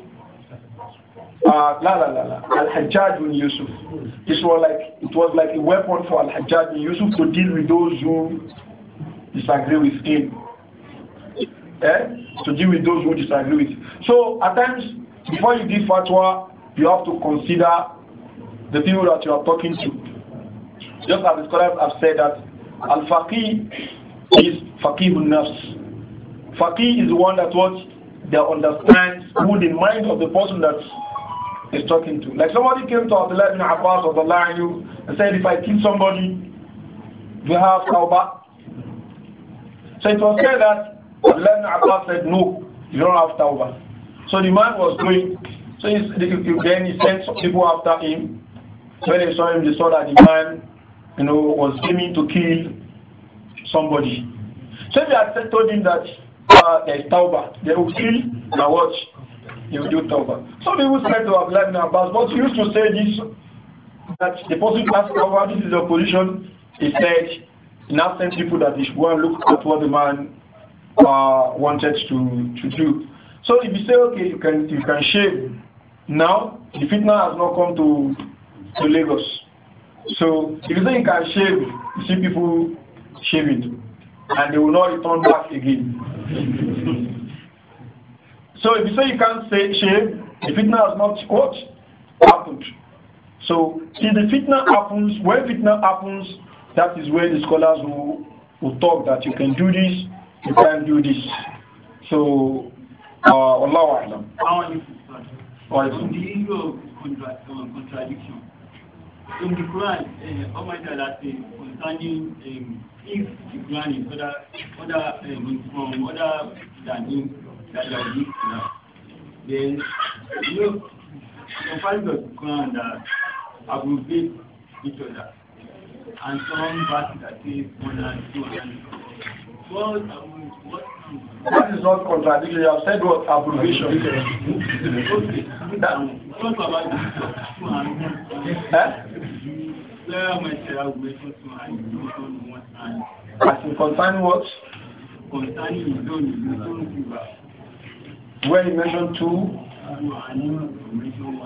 uh, la la la la. Al Hajjaj bin Yusuf. This was like it was like a weapon for Al Hajjaj bin Yusuf to deal with those who disagree with him. Eh? To deal with those who disagree with. Him. So at times, before you give fatwa, you have to consider the people that you are talking to. Just as the scholars have said that al faqih is faqihun nafs. Faqih is the one that what they understand, who the mind of the person that is talking to. Like somebody came to Abdullah ibn Abbas line. You and said, if I kill somebody, do you have tawbah? So it was said that Abdullah ibn Abbas said, no, you don't have tawbah. So the man was going, so he, then he sent people after him. When they saw him, they saw that the man you know, was aiming to kill somebody. So they had told him that uh, there's tawbah, they will kill the watch. You will do tawbah. Some people said to have ibn Abbas, but he used to say this, that the person asked tawbah, this is the position, he said, in absent people that they should look at what the man uh, wanted to, to do. So if you say, okay, you can, you can shave, now the fitna has not come to, to Lagos. So if you say you can shave, you see people shaving, and they will not return back again. So if you say you can't say shave, the fitna has not what happened. So if the fitna happens, when fitna happens, that is where the scholars will, will talk that you can do this, you can do this. So uh Allah Alam. On the issue of uh, contradiction, in the Quran, uh, Almighty Allah says concerning um, if the Quran is other, other um, from other than him, that I need now. Then, you you find the ground that each other. And some verses that one and two and what, what not contradiction. You have said what abbreviation. okay. talk about this. As in concerning what? Concerning his own, his own fever where he mentioned two.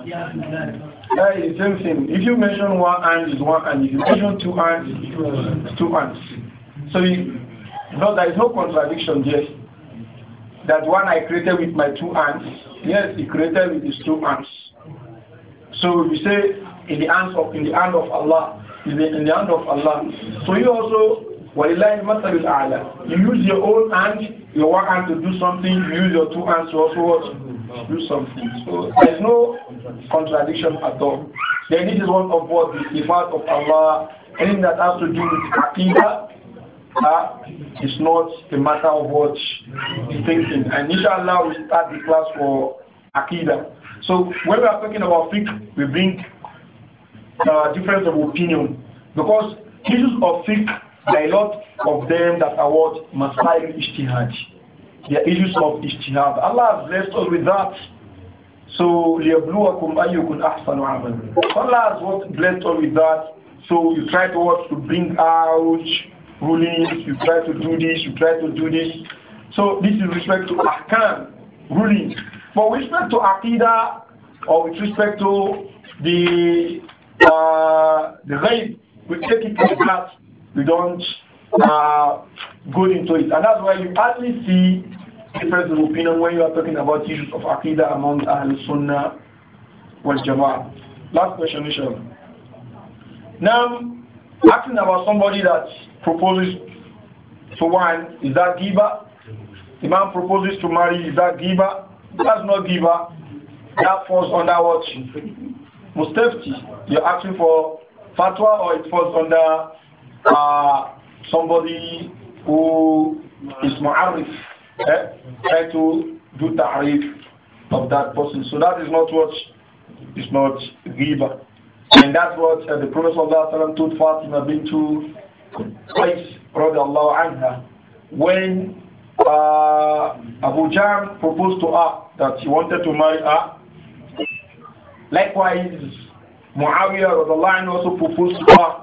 Yeah, it's the same thing. If you mention one hand, it's one hand. If you mention two hands, it's two hands. So you, no, there is no contradiction there. That one I created with my two hands. Yes, he created with his two hands. So we say in the hands of in the hand of Allah, in the, in the hand of Allah. So you also وَلِلَّهِ الْمَثَلُ الْأَعْلَى You use your own hand, your one hand to do something, you use your two hands to also do something. So there's no contradiction at all. Then this is one of what the part of Allah, anything that has to do with Aqidah, uh, is not a matter of what thinking. And inshallah we start the class for Aqidah. So when we are talking about fiqh, we bring uh, difference of opinion. Because issues of fiqh there are a lot of them that are what? Masail Ijtihad. They are issues of Ijtihad. Allah has blessed us with that. So, لِيَبْلُوَكُمْ أَيُّكُمْ أَحْسَنُ عَمَلًا Allah has what blessed us with that. So you try to what? To bring out rulings, you try to do this, you try to do this. So this is respect to ahkam, ruling. But with respect to aqidah, or with respect to the uh, the ghaib, we take it the that you don't uh, go into it. And that's why you hardly see difference of opinion when you are talking about issues of Aqidah among Al Sunnah wal Jama'ah. Last question, Michelle. Now, asking about somebody that proposes to one, is that giver? The man proposes to marry, is that giver? That's not giver. That falls under what? Mustafti. You're asking for fatwa or it falls under uh, somebody who is mu'arif eh, try to do ta'rif of that person. So that is not what is not riba. And that's what uh, the Prophet ﷺ told Fatima bint Qais radiallahu anha when uh, Abu Jam proposed to her that he wanted to marry her. Likewise, Muawiyah radiallahu anhu also proposed to her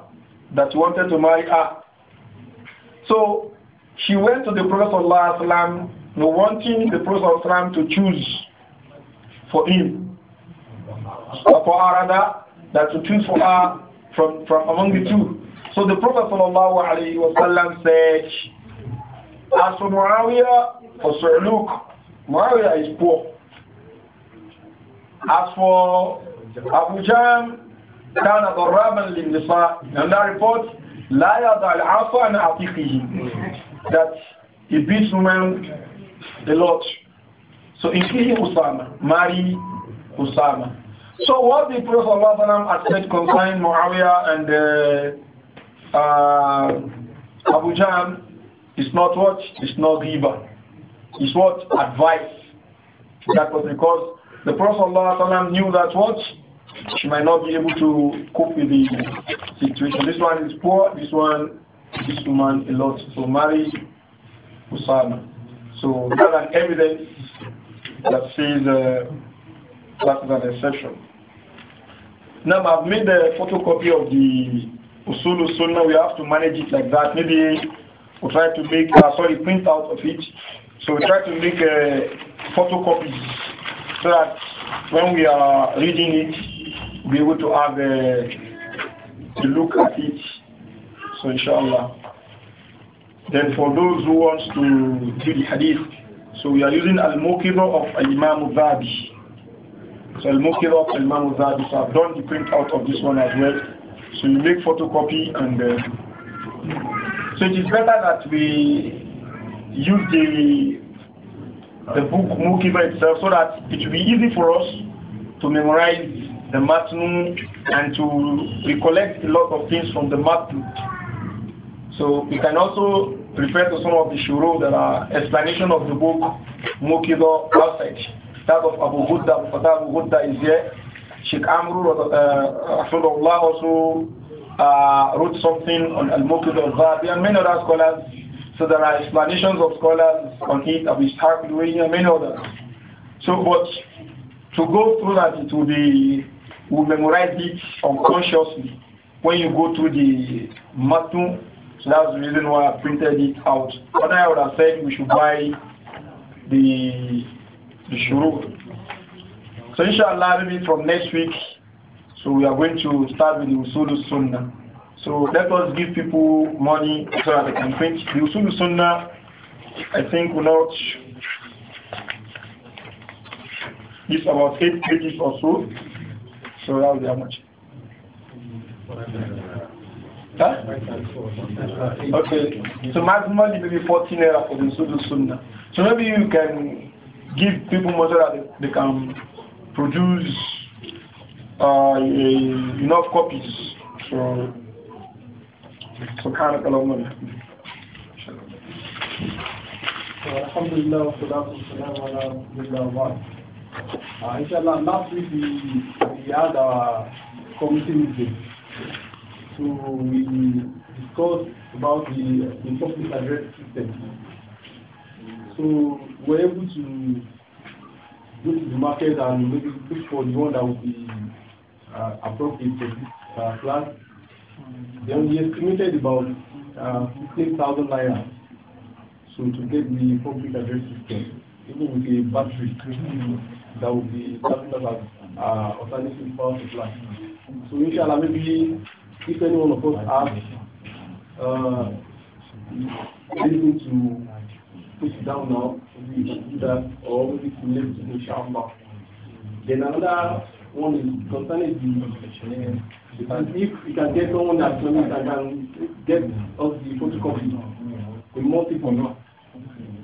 that wanted to marry her. So she went to the Prophet ﷺ wanting the Prophet ﷺ to choose for him. for her rather, that to choose for her from, from among the two. So the Prophet ﷺ said, As for Muawiyah, for Su'luk, Muawiyah is poor. As for Abu Jam, كان ضرابا للنساء and that report لا يضع العصا عن عتيقه that he beats women a lot so including Usama marry Usama so what the Prophet Allah said concerning Muawiyah and uh, uh, Abu Jahl is not what is not riba. It's what? Advice. That was because the Prophet Allah knew that what? she might not be able to cope with the situation. This one is poor, this one, this woman a lot. So marry Usama. So that's an evidence that says uh, that is an exception. Now I've made a photocopy of the Usulu so now we have to manage it like that. Maybe we try to make, uh, sorry, print out of it. So we try to make a uh, photocopy so that when we are reading it, be able to have a, to look at it. So inshallah. Then for those who want to do the hadith, so we are using Al-Muqidha of al Imam Zabi. So Al-Muqidha of al Imam Zabi. So I've done the printout of this one as well. So you make photocopy and uh, so it is better that we use the the book Mukiba itself so that it will be easy for us to memorize the matnu and to recollect a lot of things from the matnu. So you can also refer to some of the shuru that are explanation of the book Mukido passage. That of Abu Hudda, Fatah Abu Hudda is here. Sheikh Amru uh, also uh, wrote something on Al-Muqid al-Zabi many other scholars. So there are explanations of scholars on it, Abu Ishaq, and many others. So but to go through that it will be will memorize it unconsciously when you go through the matun. So that's the reason why I printed it out. But I would have said we should buy the the shuru. So inshallah, maybe from next week, so we are going to start with the usulu sunnah. So let us give people money so that they can print. The usulu sunnah, I think, will not It's about eight pages or so sauraro how much? Huh? Okay, so maximum maybe 14 naira for the Sudu So maybe you can give people more that they, can produce uh, enough copies. So, so kind of a lot of money. Uh, inshallah, last week we, we had our committee meeting. So we discussed about the, the public address system. So we're able to go to the market and maybe look for the one that would be uh, appropriate for this uh, class. Then we estimated about uh, 15,000 naira so to get the public address system, even with a battery that will be capital as uh, alternative power supply. So inshallah, maybe if anyone of us has uh, anything to put down now, we should do that, or maybe to leave to inshallah. Then another one is concerning the because if we can get someone that can get us the photocopy, we more people now.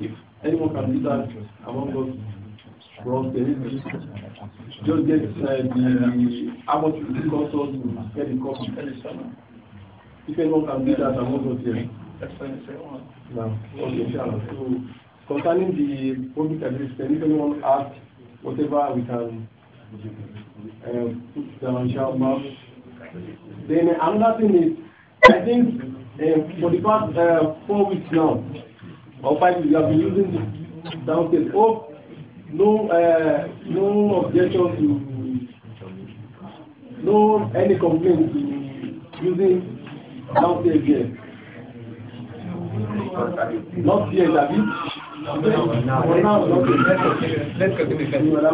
If anyone can do that among us. from the just get uh, the how much you think also to get the copy. If anyone can do that, I am not here. No. Okay, so concerning the public administration, if anyone asks whatever we can uh, put down, inshallah. Then another thing is, I think uh, for the past uh, four weeks now, or five weeks, we have been using the downstairs. Oh, no uh, no objection to no any complaint to using downstairs here not here abi for now let's continue first.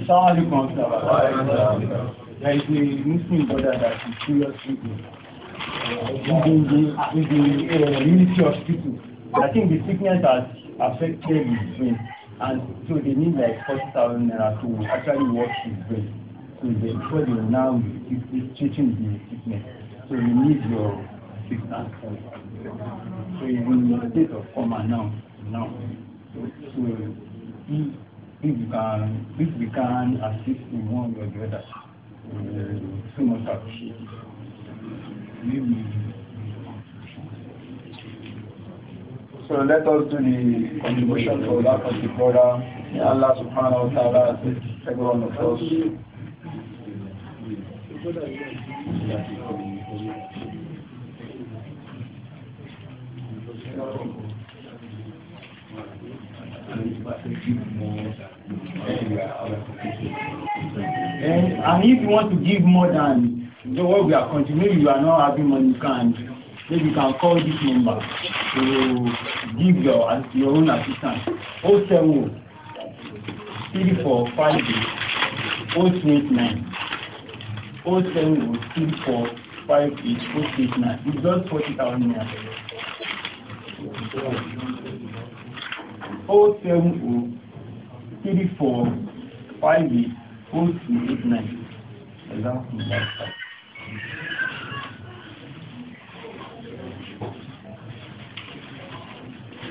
Assalamu alaikum. There is a Muslim brother that is seriously ill. He's in the, in the uh, unity of people. I think the sickness has affected his brain and so they need like forty thousand naira to actually wash his brain so they the body now is is treating the treatment. so you need your assistance so you in the state of coma now now so, so if if you can if we can assist in one way or the other uh, so much appreciated. Maybe So let us do the contribution for that of the brother. May Allah subhanahu wa ta'ala assist everyone of us. And, and if you want to give more than the what we are continuing, you are not having money, you can't. then you can call this number to give your your own assistance oh seven three four five eight oh two eight nine oh seven three four five eight oh two eight nine it's just forty thousand naira oh seven oh three four five eight oh two eight nine.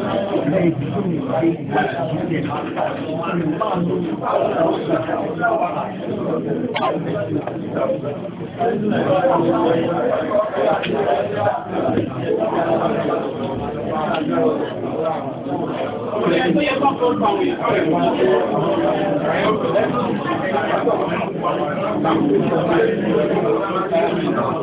你现在放多的，米？还要再放多少的。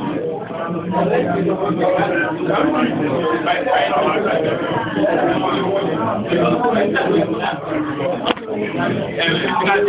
Thank you.